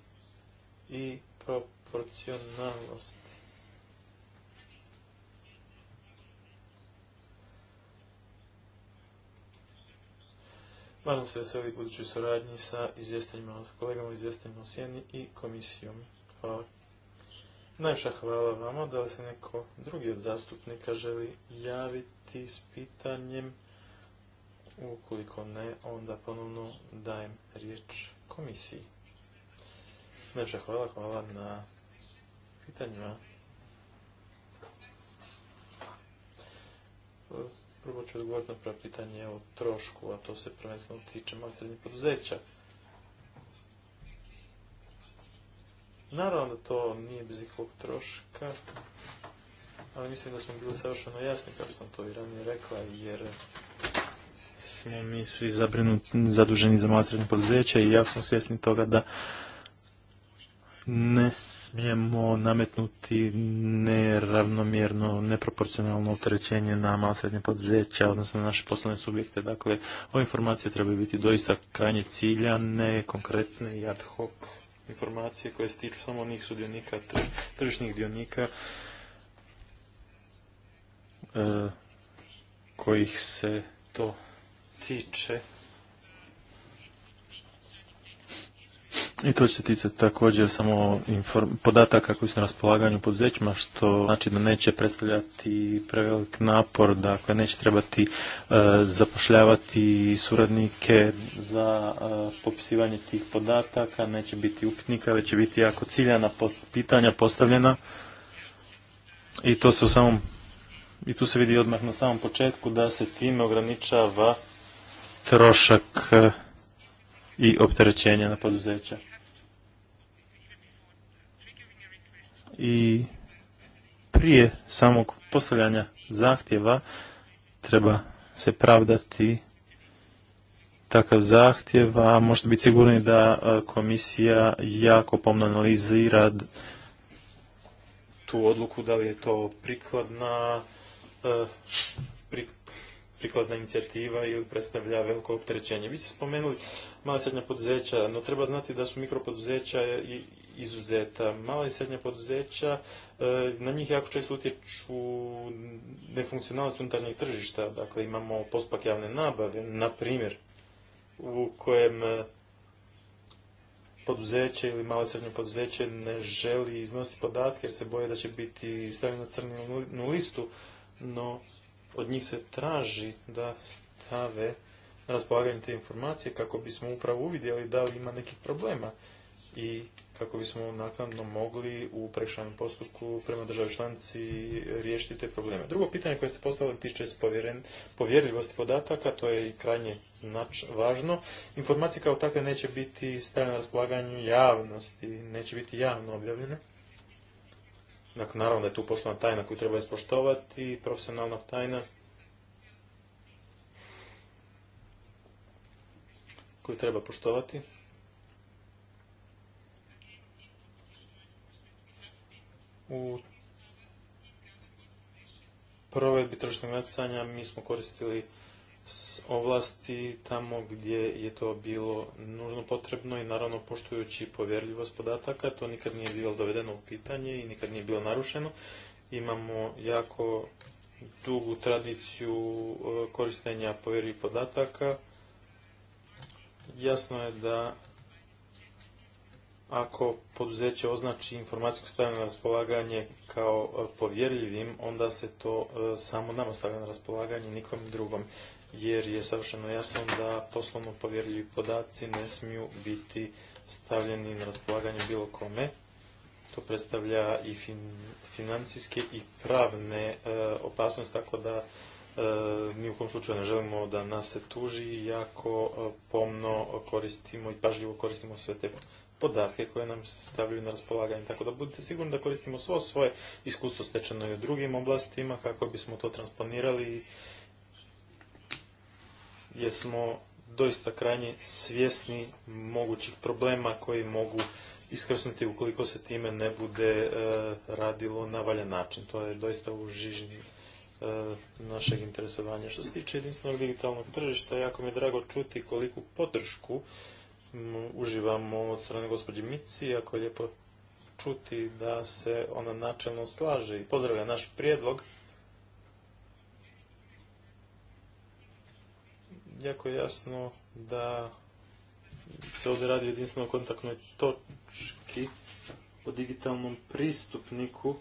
i proporcionalnost. Hvala se veseli budućoj suradnji sa izvjestiteljima, kolegama izvjestiteljima Sjeni i komisijom. Hvala. Najviše hvala vama. Da li se neko drugi od zastupnika želi javiti s pitanjem? Ukoliko ne, onda ponovno dajem riječ komisiji. naša hvala, hvala na pitanjima. Prvo ću odgovoriti na prvo pitanje o trošku, a to se prvenstveno tiče malo poduzeća. Naravno da to nije bez ikakvog troška, ali mislim da smo bili savršeno jasni, kako sam to i ranije rekla, jer smo mi svi zabrinuti, zaduženi za malo srednje poduzeće i ja sam svjesni toga da ne smijemo nametnuti neravnomjerno, neproporcionalno utrećenje na malo srednje poduzeća, odnosno na naše poslovne subjekte. Dakle, ove informacije trebaju biti doista krajnje ciljane, konkretne i ad hoc informacije koje se tiču samo onih sudionika, tržišnih dionika e, kojih se to tiče I to će se ticati također samo podataka koji su na raspolaganju poduzećima, što znači da neće predstavljati prevelik napor, dakle neće trebati e, zapošljavati suradnike za e, popisivanje tih podataka, neće biti upitnika, već će biti jako ciljana pitanja postavljena. I to se u samom, i tu se vidi odmah na samom početku da se time ograničava trošak e, i opterećenje na poduzeća. i prije samog postavljanja zahtjeva treba se pravdati takav zahtjev, a možete biti sigurni da e, komisija jako pomno analizira tu odluku, da li je to prikladna, e, prikladna inicijativa ili predstavlja veliko opterećenje. Vi ste spomenuli mala srednja poduzeća, no treba znati da su mikropoduzeća izuzeta. Mala i srednja poduzeća, e, na njih jako često utječu nefunkcionalnost unutarnjeg tržišta. Dakle, imamo postupak javne nabave, na primjer, u kojem e, poduzeće ili malo srednje poduzeće ne želi iznositi podatke jer se boje da će biti stavljeno na crnu listu, no od njih se traži da stave na raspolaganje te informacije kako bismo upravo uvidjeli da li ima nekih problema. I kako bismo naknadno mogli u prekršajnom postupku prema državi članici riješiti te probleme. Drugo pitanje koje ste postavili tiče se povjerljivosti podataka, to je i krajnje važno. Informacije kao takve neće biti stavljene na raspolaganju javnosti, neće biti javno objavljene. Dakle, naravno da je tu poslovna tajna koju treba ispoštovati, profesionalna tajna koju treba poštovati. U provedbi tržišnog natjecanja mi smo koristili ovlasti tamo gdje je to bilo nužno potrebno i naravno poštujući povjerljivost podataka, to nikad nije bilo dovedeno u pitanje i nikad nije bilo narušeno. Imamo jako dugu tradiciju e, korištenja povjerljivih podataka. Jasno je da ako poduzeće označi informacijsko stavljanje na raspolaganje kao e, povjerljivim, onda se to e, samo nama stavlja na raspolaganje, nikom drugom. Jer je savršeno jasno da poslovno povjerljivi podaci ne smiju biti stavljeni na raspolaganje bilo kome. To predstavlja i financijske i pravne e, opasnosti, tako da mi ni u kom slučaju ne želimo da nas se tuži, jako pomno koristimo i pažljivo koristimo sve te podatke koje nam stavljaju na raspolaganje. Tako da budite sigurni da koristimo svo svoje iskustvo stečeno i u drugim oblastima kako bismo to transponirali jer smo doista krajnje svjesni mogućih problema koji mogu iskrsnuti ukoliko se time ne bude e, radilo na valjan način. To je doista u žiži e, našeg interesovanja. Što se tiče jedinstvenog digitalnog tržišta, jako mi je drago čuti koliku podršku uživamo od strane gospođe Mici, ako je lijepo čuti da se ona načelno slaže i pozdravlja naš prijedlog. Jako je jasno da se ovdje radi o jedinstvenoj kontaktnoj točki o digitalnom pristupniku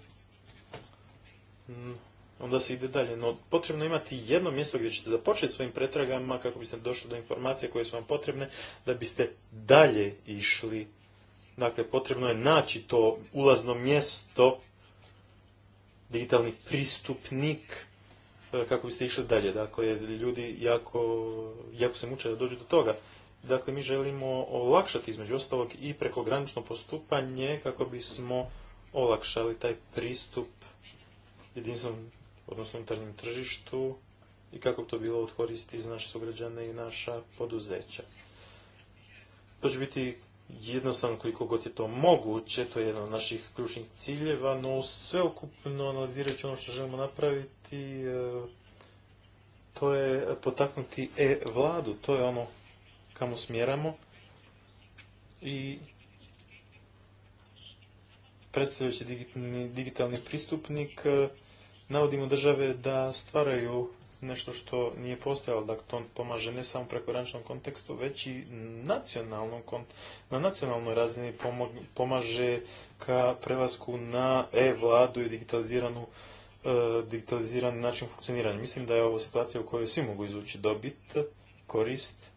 onda se ide dalje. No, potrebno imati jedno mjesto gdje ćete započeti svojim pretragama kako biste došli do informacije koje su vam potrebne da biste dalje išli. Dakle, potrebno je naći to ulazno mjesto, digitalni pristupnik, e, kako biste išli dalje. Dakle, ljudi jako, jako se muče da dođu do toga. Dakle, mi želimo olakšati između ostalog i prekogranično postupanje kako bismo olakšali taj pristup jedinstvenom odnosno unutarnjem tržištu i kako bi to bilo od koristi za naše sugrađane i naša poduzeća. To će biti jednostavno koliko god je to moguće, to je jedan od naših ključnih ciljeva, no sveukupno analizirajući ono što želimo napraviti, e, to je potaknuti e-vladu, to je ono kamo smjeramo i predstavljajući digitalni pristupnik, e, navodimo države da stvaraju nešto što nije postojalo, dakle to pomaže ne samo prekograničnom kontekstu, već i nacionalnom, na nacionalnoj razini pomaže ka prevasku na e-vladu i digitaliziranu e, digitaliziran način funkcioniranja. Mislim da je ovo situacija u kojoj svi mogu izvući dobit, korist,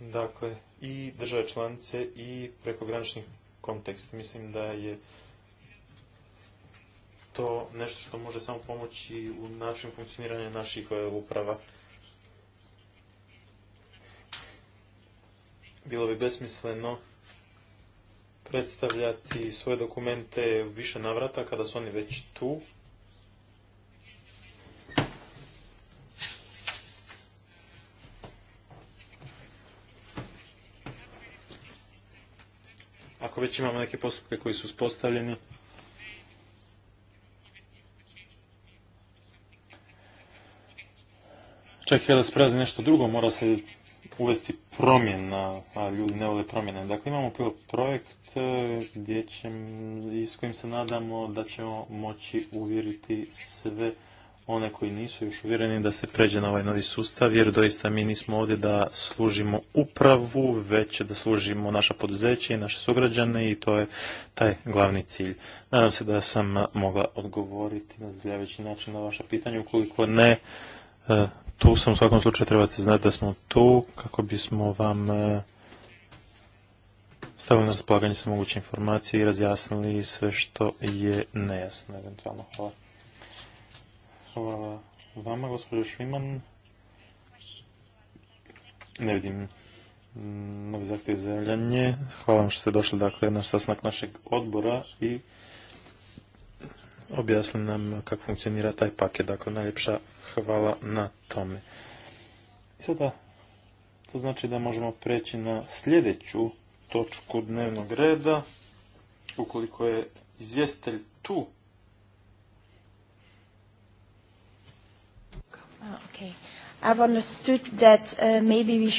dakle i države članice i prekogranični kontekst. Mislim da je to nešto što može samo pomoći u našem funkcioniranju naših e, uprava. Bilo bi besmisleno predstavljati svoje dokumente u više navrata kada su oni već tu. Ako već imamo neke postupke koji su uspostavljeni, čak i kada se prelazi nešto drugo, mora se uvesti promjena, a ljudi ne vole promjene. Dakle, imamo pilot projekt e, gdje će, s kojim se nadamo da ćemo moći uvjeriti sve one koji nisu još uvjereni da se pređe na ovaj novi sustav, jer doista mi nismo ovdje da služimo upravu, već da služimo naša poduzeća i naše sugrađane i to je taj glavni cilj. Nadam se da sam mogla odgovoriti na zdravljaveći način na vaša pitanja, ukoliko ne, e, tu sam u svakom slučaju trebate znati da smo tu kako bismo vam e, stavili na raspolaganje sve moguće informacije i razjasnili sve što je nejasno eventualno. Hvala. Hvala vama, gospođo Šviman. Ne vidim novi zahtjev za javljanje. Hvala vam što ste došli dakle, na sastanak našeg odbora i objasnili nam kako funkcionira taj paket. Dakle, najljepša hvala na tome. Sada to znači da možemo preći na sljedeću točku dnevnog reda. Ukoliko je izvjestitelj tu.
Ah, okay.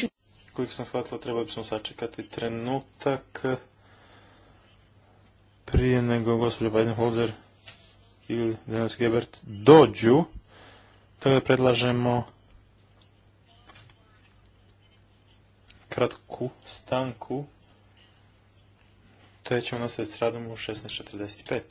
Uh,
Koliko sam shvatila, trebali bismo sačekati trenutak prije nego gospođa Biden-Holzer ili Zelenski Gebert dođu predlažemo kratku stanku, te ćemo nastaviti s radom u 16.45.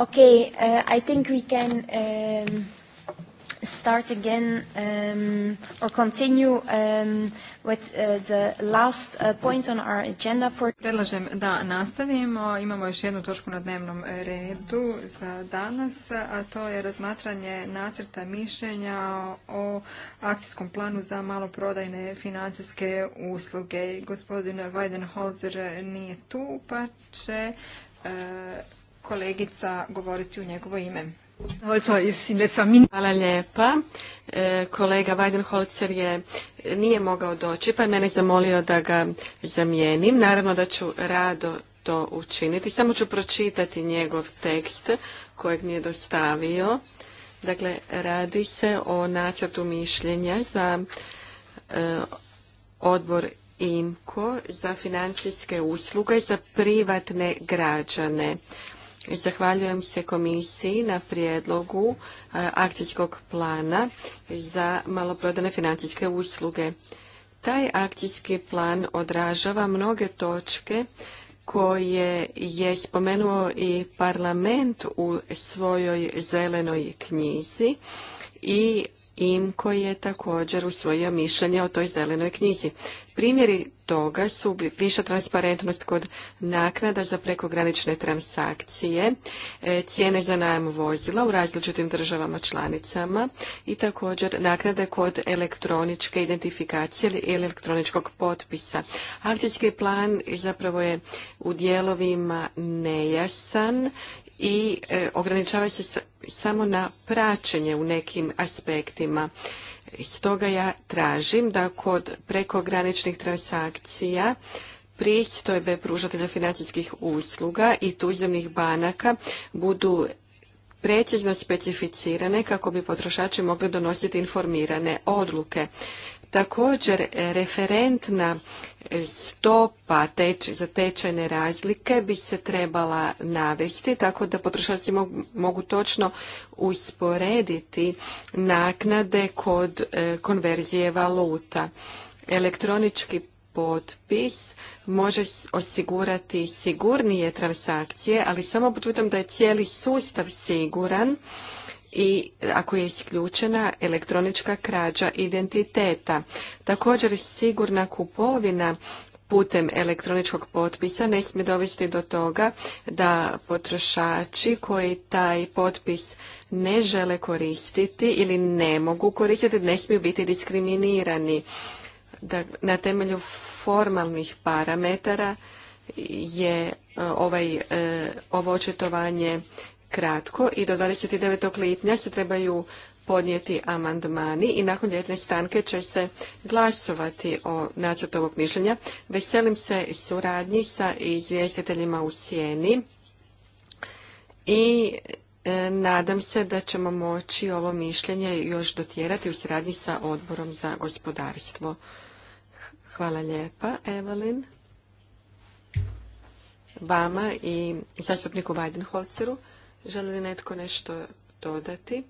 Okay, uh, I think we can um, start again um, or continue um, with uh, the last uh, point on our agenda for... Predlažem da nastavimo. Imamo još jednu točku na dnevnom e, redu za danas, a to je razmatranje nacrta mišljenja o akcijskom planu za maloprodajne financijske usluge. Gospodin Weidenholzer nije tu, pa će... E, kolegica govoriti u njegovo ime.
Hvala lijepa. E, kolega Weidenholzer je nije mogao doći pa je mene zamolio da ga zamijenim. Naravno da ću rado to učiniti. Samo ću pročitati njegov tekst kojeg mi je dostavio. Dakle, radi se o nacrtu mišljenja za e, odbor IMKO za financijske usluge za privatne građane. Zahvaljujem se komisiji na prijedlogu e, akcijskog plana za maloprodane financijske usluge. Taj akcijski plan odražava mnoge točke koje je spomenuo i parlament u svojoj zelenoj knjizi i koji je također usvojio mišljenje o toj zelenoj knjizi. Primjeri toga su viša transparentnost kod naknada za prekogranične transakcije, e, cijene za najam vozila u različitim državama članicama i također naknade kod elektroničke identifikacije ili elektroničkog potpisa. Akcijski plan zapravo je u dijelovima nejasan i e, ograničava se samo na praćenje u nekim aspektima. Stoga ja tražim da kod prekograničnih transakcija pristojbe pružatelja financijskih usluga i tuzemnih banaka budu precizno specificirane kako bi potrošači mogli donositi informirane odluke. Također, referentna stopa za tečajne razlike bi se trebala navesti, tako da potrošači mogu, točno usporediti naknade kod e, konverzije valuta. Elektronički potpis može osigurati sigurnije transakcije, ali samo potvrdim da je cijeli sustav siguran i ako je isključena elektronička krađa identiteta. Također sigurna kupovina putem elektroničkog potpisa ne smije dovesti do toga da potrošači koji taj potpis ne žele koristiti ili ne mogu koristiti ne smiju biti diskriminirani. na temelju formalnih parametara je e, ovaj, e, ovo očitovanje kratko i do 29. lipnja se trebaju podnijeti amandmani i nakon ljetne stanke će se glasovati o nacrtu ovog mišljenja. Veselim se suradnji sa izvjestiteljima u sjeni i e, nadam se da ćemo moći ovo mišljenje još dotjerati u suradnji sa odborom za gospodarstvo. Hvala lijepa, Evelin. Vama i zastupniku Weidenholzeru. Želi li netko nešto dodati?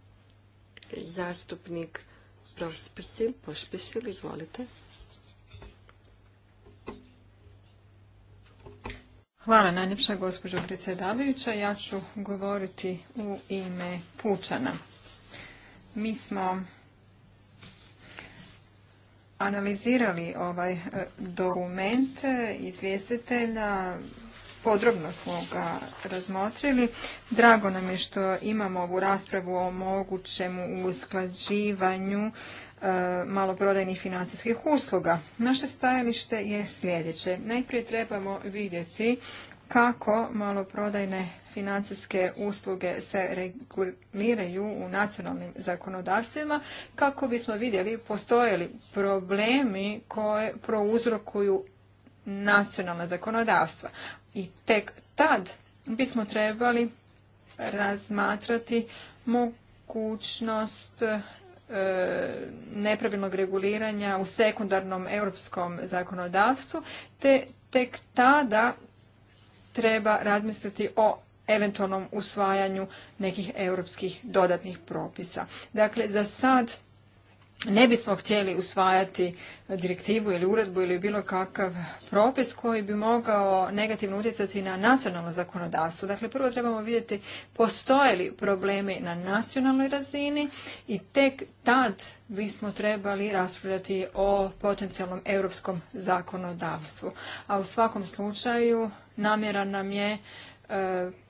Zastupnik Prospisil, Pošpisil, izvolite.
Hvala najljepša gospođo predsjedavajuća. Ja ću govoriti u ime Pučana. Mi smo analizirali ovaj e, dokument izvjestitelja podrobno smo ga razmotrili. Drago nam je što imamo ovu raspravu o mogućem usklađivanju e, maloprodajnih financijskih usluga. Naše stajalište je sljedeće. Najprije trebamo vidjeti kako maloprodajne financijske usluge se reguliraju u nacionalnim zakonodavstvima, kako bismo vidjeli postoje li problemi koje prouzrokuju nacionalna zakonodavstva i tek tad bismo trebali razmatrati mogućnost e, nepravilnog reguliranja u sekundarnom europskom zakonodavstvu, te tek tada treba razmisliti o eventualnom usvajanju nekih europskih dodatnih propisa. Dakle, za sad ne bismo htjeli usvajati direktivu ili uredbu ili bilo kakav propis koji bi mogao negativno utjecati na nacionalno zakonodavstvo. Dakle, prvo trebamo vidjeti postoje li problemi na nacionalnoj razini i tek tad bismo trebali raspravljati o potencijalnom europskom zakonodavstvu. A u svakom slučaju namjera nam je e,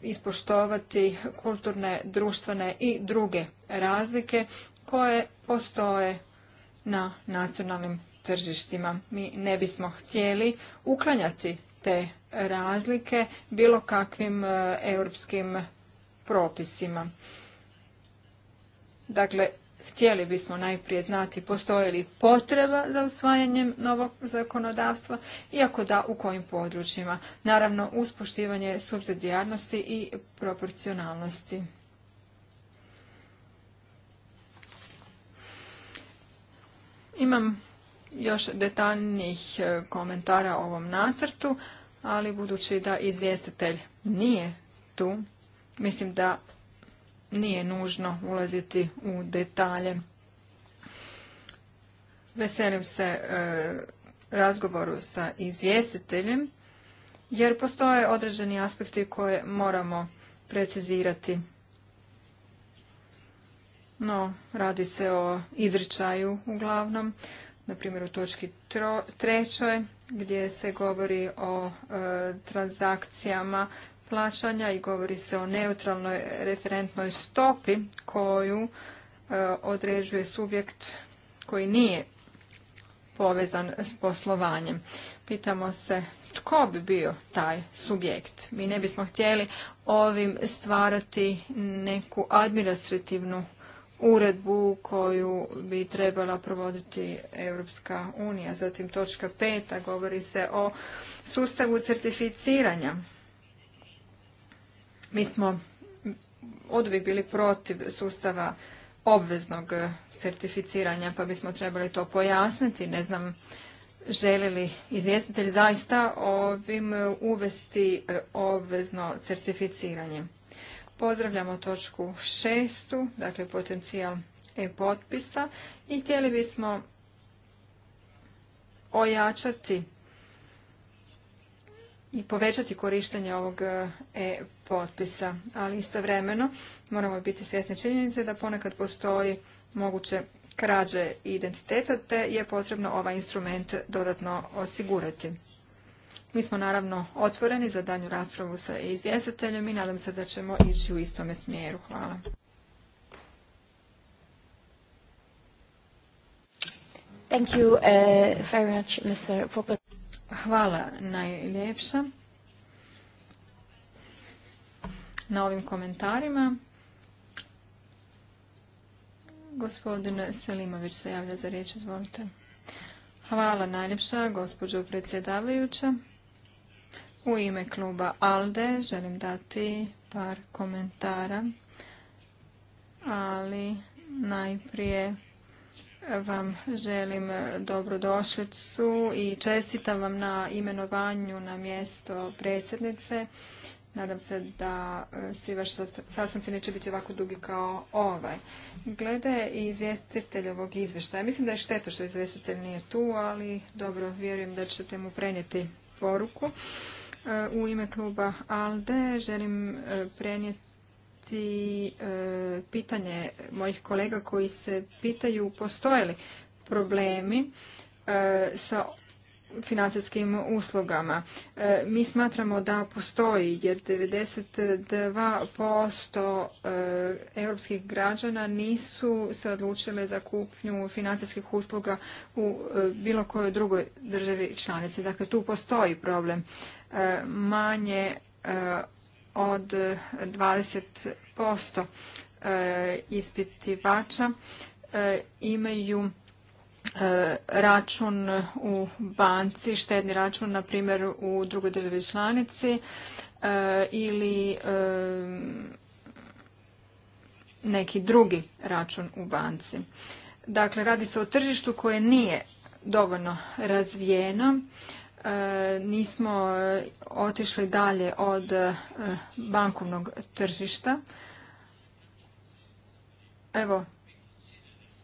ispoštovati kulturne, društvene i druge razlike koje postoje na nacionalnim tržištima. Mi ne bismo htjeli uklanjati te razlike bilo kakvim e, europskim propisima. Dakle, htjeli bismo najprije znati postoje li potreba za usvajanjem novog zakonodavstva, iako da u kojim područjima. Naravno, uz poštivanje subsidijarnosti i proporcionalnosti. Imam još detaljnih e, komentara o ovom nacrtu, ali budući da izvjestitelj nije tu, mislim da nije nužno ulaziti u detalje. Veselim se e, razgovoru sa izvjestiteljem, jer postoje određeni aspekti koje moramo precizirati no radi se o izričaju uglavnom, na primjer u točki trećoj gdje se govori o e, transakcijama plaćanja i govori se o neutralnoj referentnoj stopi koju e, određuje subjekt koji nije povezan s poslovanjem. Pitamo se tko bi bio taj subjekt. Mi ne bismo htjeli ovim stvarati neku administrativnu uredbu koju bi trebala provoditi Europska unija. Zatim točka peta govori se o sustavu certificiranja. Mi smo uvijek bili protiv sustava obveznog certificiranja, pa bismo trebali to pojasniti. Ne znam želi li izvjestitelj zaista ovim uvesti obvezno certificiranje. Pozdravljamo točku šestu, dakle potencijal e-potpisa i htjeli bismo ojačati i povećati korištenje ovog e, e-potpisa, ali istovremeno moramo biti svjesni činjenice da ponekad postoji moguće krađe identiteta, te je potrebno ovaj instrument dodatno osigurati. Mi smo naravno otvoreni za danju raspravu sa izvjestiteljem i nadam se da ćemo ići u istome smjeru. Hvala. Uh, Hvala najljepša na ovim komentarima. Gospodin Selimović se javlja za riječ, izvolite. Hvala najljepša, gospođo predsjedavajuća. U ime kluba ALDE želim dati par komentara, ali najprije vam želim dobrodošlicu i čestitam vam na imenovanju na mjesto predsjednice. Nadam se da e, svi vaši sastanci neće biti ovako dugi kao ovaj. Glede i izvjestitelj ovog izvještaja. Mislim da je šteto što izvjestitelj nije tu, ali dobro, vjerujem da ćete mu prenijeti poruku. E, u ime kluba ALDE želim e, prenijeti e, pitanje mojih kolega koji se pitaju postoje li problemi sa financijskim uslugama. Mi smatramo da postoji jer 92% europskih građana nisu se odlučile za kupnju financijskih usluga u bilo kojoj drugoj državi članici. Dakle, tu postoji problem E, manje e, od 20% e, ispitivača imaju račun u banci, štedni račun, na primjer, u drugoj državi članici ili neki drugi račun u banci. Dakle, radi se o tržištu koje nije dovoljno razvijeno E, nismo e, otišli dalje od e, bankovnog tržišta. Evo,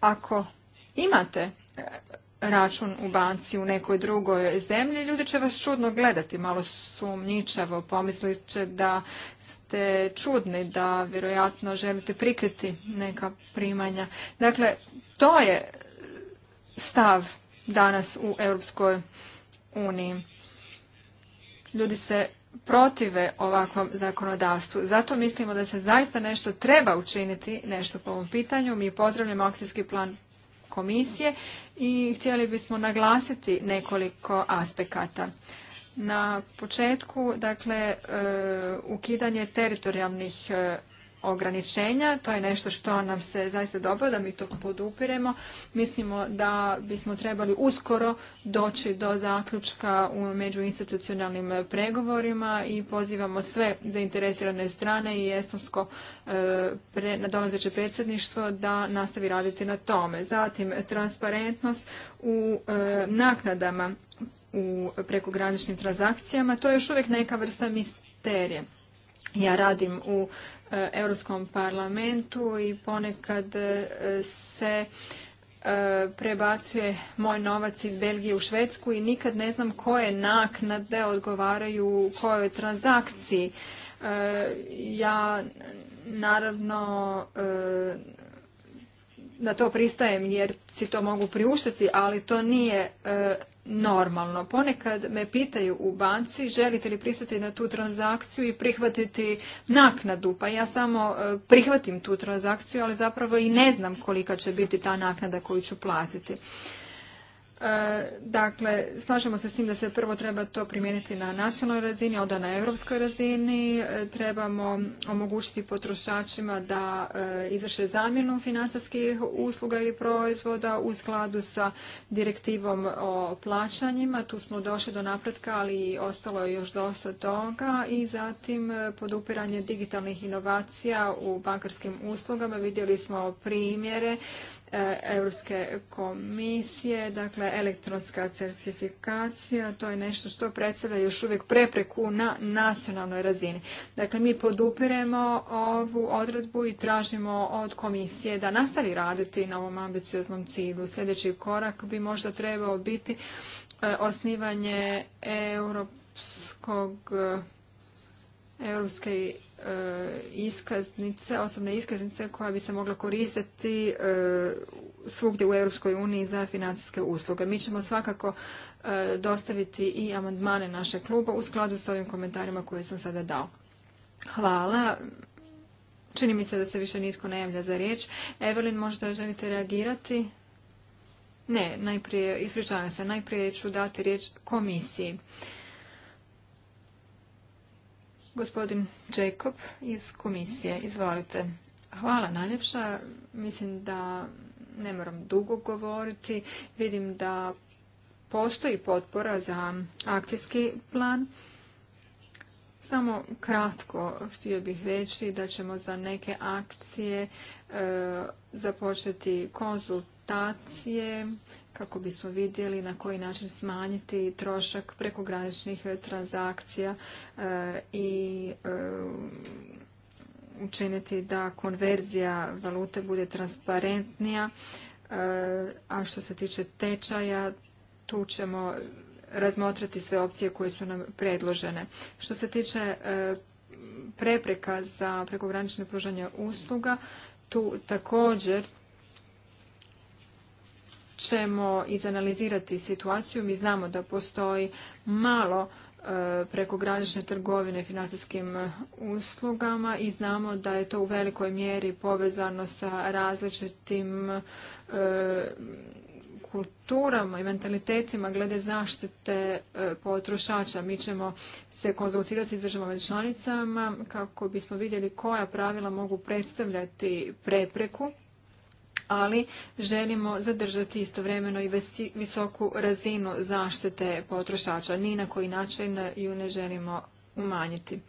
ako imate račun u banci u nekoj drugoj zemlji, ljudi će vas čudno gledati, malo sumničavo. pomislit će da ste čudni, da vjerojatno želite prikriti neka primanja. Dakle, to je stav danas u Europskoj uniji. Ljudi se protive ovakvom zakonodavstvu. Zato mislimo da se zaista nešto treba učiniti, nešto po ovom pitanju. Mi pozdravljamo akcijski plan komisije i htjeli bismo naglasiti nekoliko aspekata. Na početku, dakle, e, ukidanje teritorijalnih e, ograničenja. To je nešto što nam se zaista dobro da mi to podupiremo. Mislimo da bismo trebali uskoro doći do zaključka u međuinstitucionalnim pregovorima i pozivamo sve zainteresirane strane i estonsko e, nadolazeće predsjedništvo da nastavi raditi na tome. Zatim transparentnost u e, naknadama u prekograničnim transakcijama. To je još uvijek neka vrsta misterije. Ja radim u E, Europskom parlamentu i ponekad e, se e, prebacuje moj novac iz Belgije u Švedsku i nikad ne znam koje naknade odgovaraju kojoj transakciji. Ja naravno na to pristajem jer si to mogu priuštiti, ali to nije normalno. Ponekad me pitaju u banci želite li pristati na tu transakciju i prihvatiti naknadu. Pa ja samo e, prihvatim tu transakciju, ali zapravo i ne znam kolika će biti ta naknada koju ću platiti. E, dakle, slažemo se s tim da se prvo treba to primijeniti na nacionalnoj razini, onda na europskoj razini. E, trebamo omogućiti potrošačima da e, izvrše zamjenu financijskih usluga ili proizvoda u skladu sa direktivom o plaćanjima. Tu smo došli do napretka, ali ostalo je još dosta toga. I zatim podupiranje digitalnih inovacija u bankarskim uslugama. Vidjeli smo primjere E, europske komisije, dakle elektronska certifikacija, to je nešto što predstavlja još uvijek prepreku na nacionalnoj razini. Dakle, mi podupiremo ovu odredbu i tražimo od komisije da nastavi raditi na ovom ambicioznom cilju. Sljedeći korak bi možda trebao biti e, osnivanje europskog e, europske iskaznice, osobne iskaznice koja bi se mogla koristiti e, svugdje u Europskoj uniji za financijske usluge. Mi ćemo svakako e, dostaviti i amandmane naše kluba u skladu s ovim komentarima koje sam sada dao. Hvala. Čini mi se da se više nitko ne javlja za riječ. Evelin, možda želite reagirati? Ne, najprije, ispričavam se, najprije ću dati riječ komisiji. Gospodin Jacob iz komisije, izvolite. Hvala najljepša. Mislim da ne moram dugo govoriti. Vidim da postoji potpora za akcijski plan. Samo kratko htio bih reći da ćemo za neke akcije e, započeti konzultacije kako bismo vidjeli na koji način smanjiti trošak prekograničnih transakcija e, i e, učiniti da konverzija valute bude transparentnija. E, a što se tiče tečaja, tu ćemo razmotrati sve opcije koje su nam predložene. Što se tiče prepreka za prekogranično pružanje usluga, tu također ćemo izanalizirati situaciju. Mi znamo da postoji malo e, prekogranične trgovine financijskim e, uslugama i znamo da je to u velikoj mjeri povezano sa različitim e, kulturama i mentalitetima glede zaštite potrošača. Mi ćemo se konzultirati s državama članicama kako bismo vidjeli koja pravila mogu predstavljati prepreku ali želimo zadržati istovremeno i visoku razinu zaštite potrošača. Ni na koji način ju ne želimo umanjiti.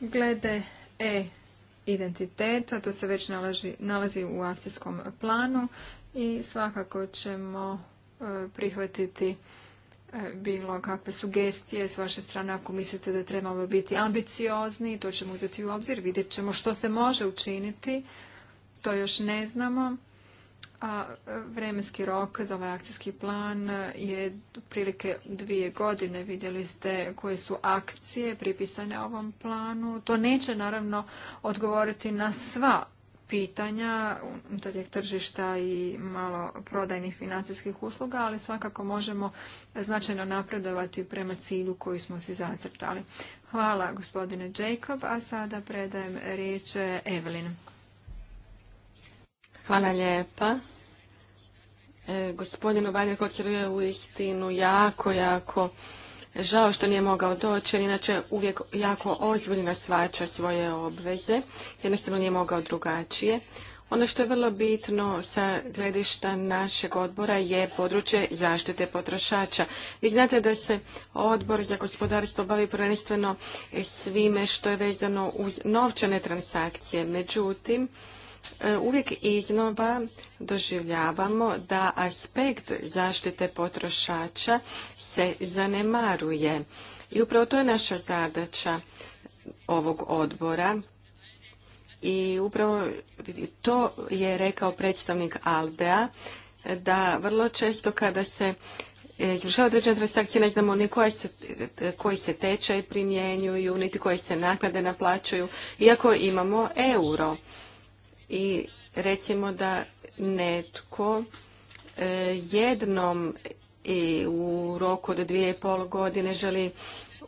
Glede E identiteta, to se već nalazi, u akcijskom planu i svakako ćemo e, prihvatiti bilo kakve sugestije s vaše strane ako mislite da trebamo biti ambiciozni, to ćemo uzeti u obzir, vidjet ćemo što se može učiniti, to još ne znamo. A e, vremenski rok za ovaj akcijski plan je otprilike dvije godine. Vidjeli ste koje su akcije pripisane ovom planu. To neće naravno odgovoriti na sva pitanja unutarnjeg tržišta i malo prodajnih financijskih usluga, ali svakako možemo značajno napredovati prema cilju koji smo si zacrtali. Hvala gospodine Jacob,
a sada predajem riječ Evelin. Hvala lijepa. E, gospodinu Valjekoćeru je u istinu jako, jako žao što nije mogao doći, inače uvijek jako ozbiljno svača svoje obveze, jednostavno nije mogao drugačije. Ono što je vrlo bitno sa gledišta našeg odbora je područje zaštite potrošača. Vi znate da se odbor za gospodarstvo bavi prvenstveno svime što je vezano uz novčane transakcije. Međutim, E, uvijek iznova doživljavamo da aspekt zaštite potrošača se zanemaruje. I upravo to je naša zadaća ovog odbora. I upravo to je rekao predstavnik Aldea, da vrlo često kada se e, izvršava određena transakcija, ne znamo ni se, e, koji se tečaj primjenjuju, niti koje se naknade naplaćuju, iako imamo euro i recimo da netko e, jednom i u roku od dvije i pol godine želi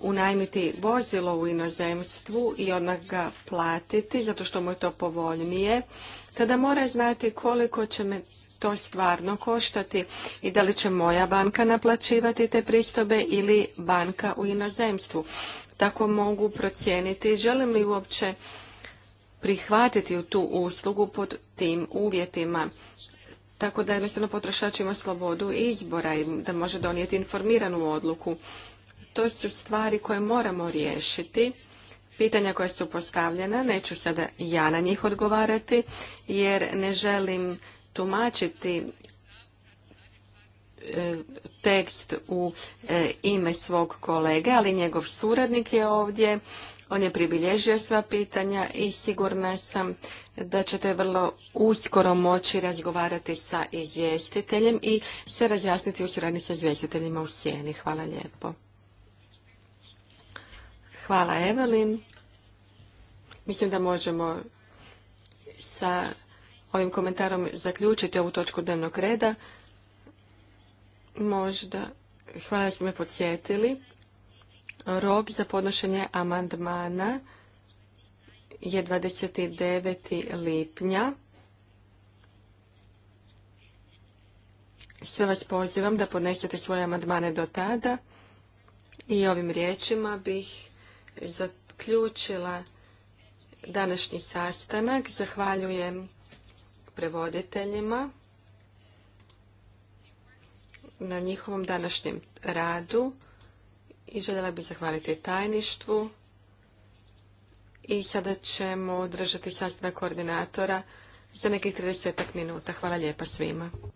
unajmiti vozilo u inozemstvu i odmah ga platiti zato što mu je to povoljnije, tada mora znati koliko će me to stvarno koštati i da li će moja banka naplaćivati te pristobe ili banka u inozemstvu. Tako mogu procijeniti želim li uopće prihvatiti u tu uslugu pod tim uvjetima. Tako da jednostavno potrošač ima slobodu izbora i da može donijeti informiranu odluku. To su stvari koje moramo riješiti. Pitanja koja su postavljena, neću sada ja na njih odgovarati, jer ne želim tumačiti e, tekst u e, ime svog kolege, ali njegov suradnik je ovdje on je pribilježio sva pitanja i sigurna sam da ćete vrlo uskoro moći razgovarati sa izvjestiteljem i sve razjasniti u suradnji sa izvjestiteljima u sjeni. Hvala lijepo. Hvala Evelin. Mislim da možemo sa ovim komentarom zaključiti ovu točku dnevnog reda. Možda, hvala ste me podsjetili. Rok za podnošenje amandmana je 29. lipnja. Sve vas pozivam da podnesete svoje amandmane do tada i ovim riječima bih zaključila današnji sastanak. Zahvaljujem prevoditeljima na njihovom današnjem radu i željela bih zahvaliti tajništvu. I sada ćemo održati sastanak koordinatora za nekih 30 minuta. Hvala lijepa svima.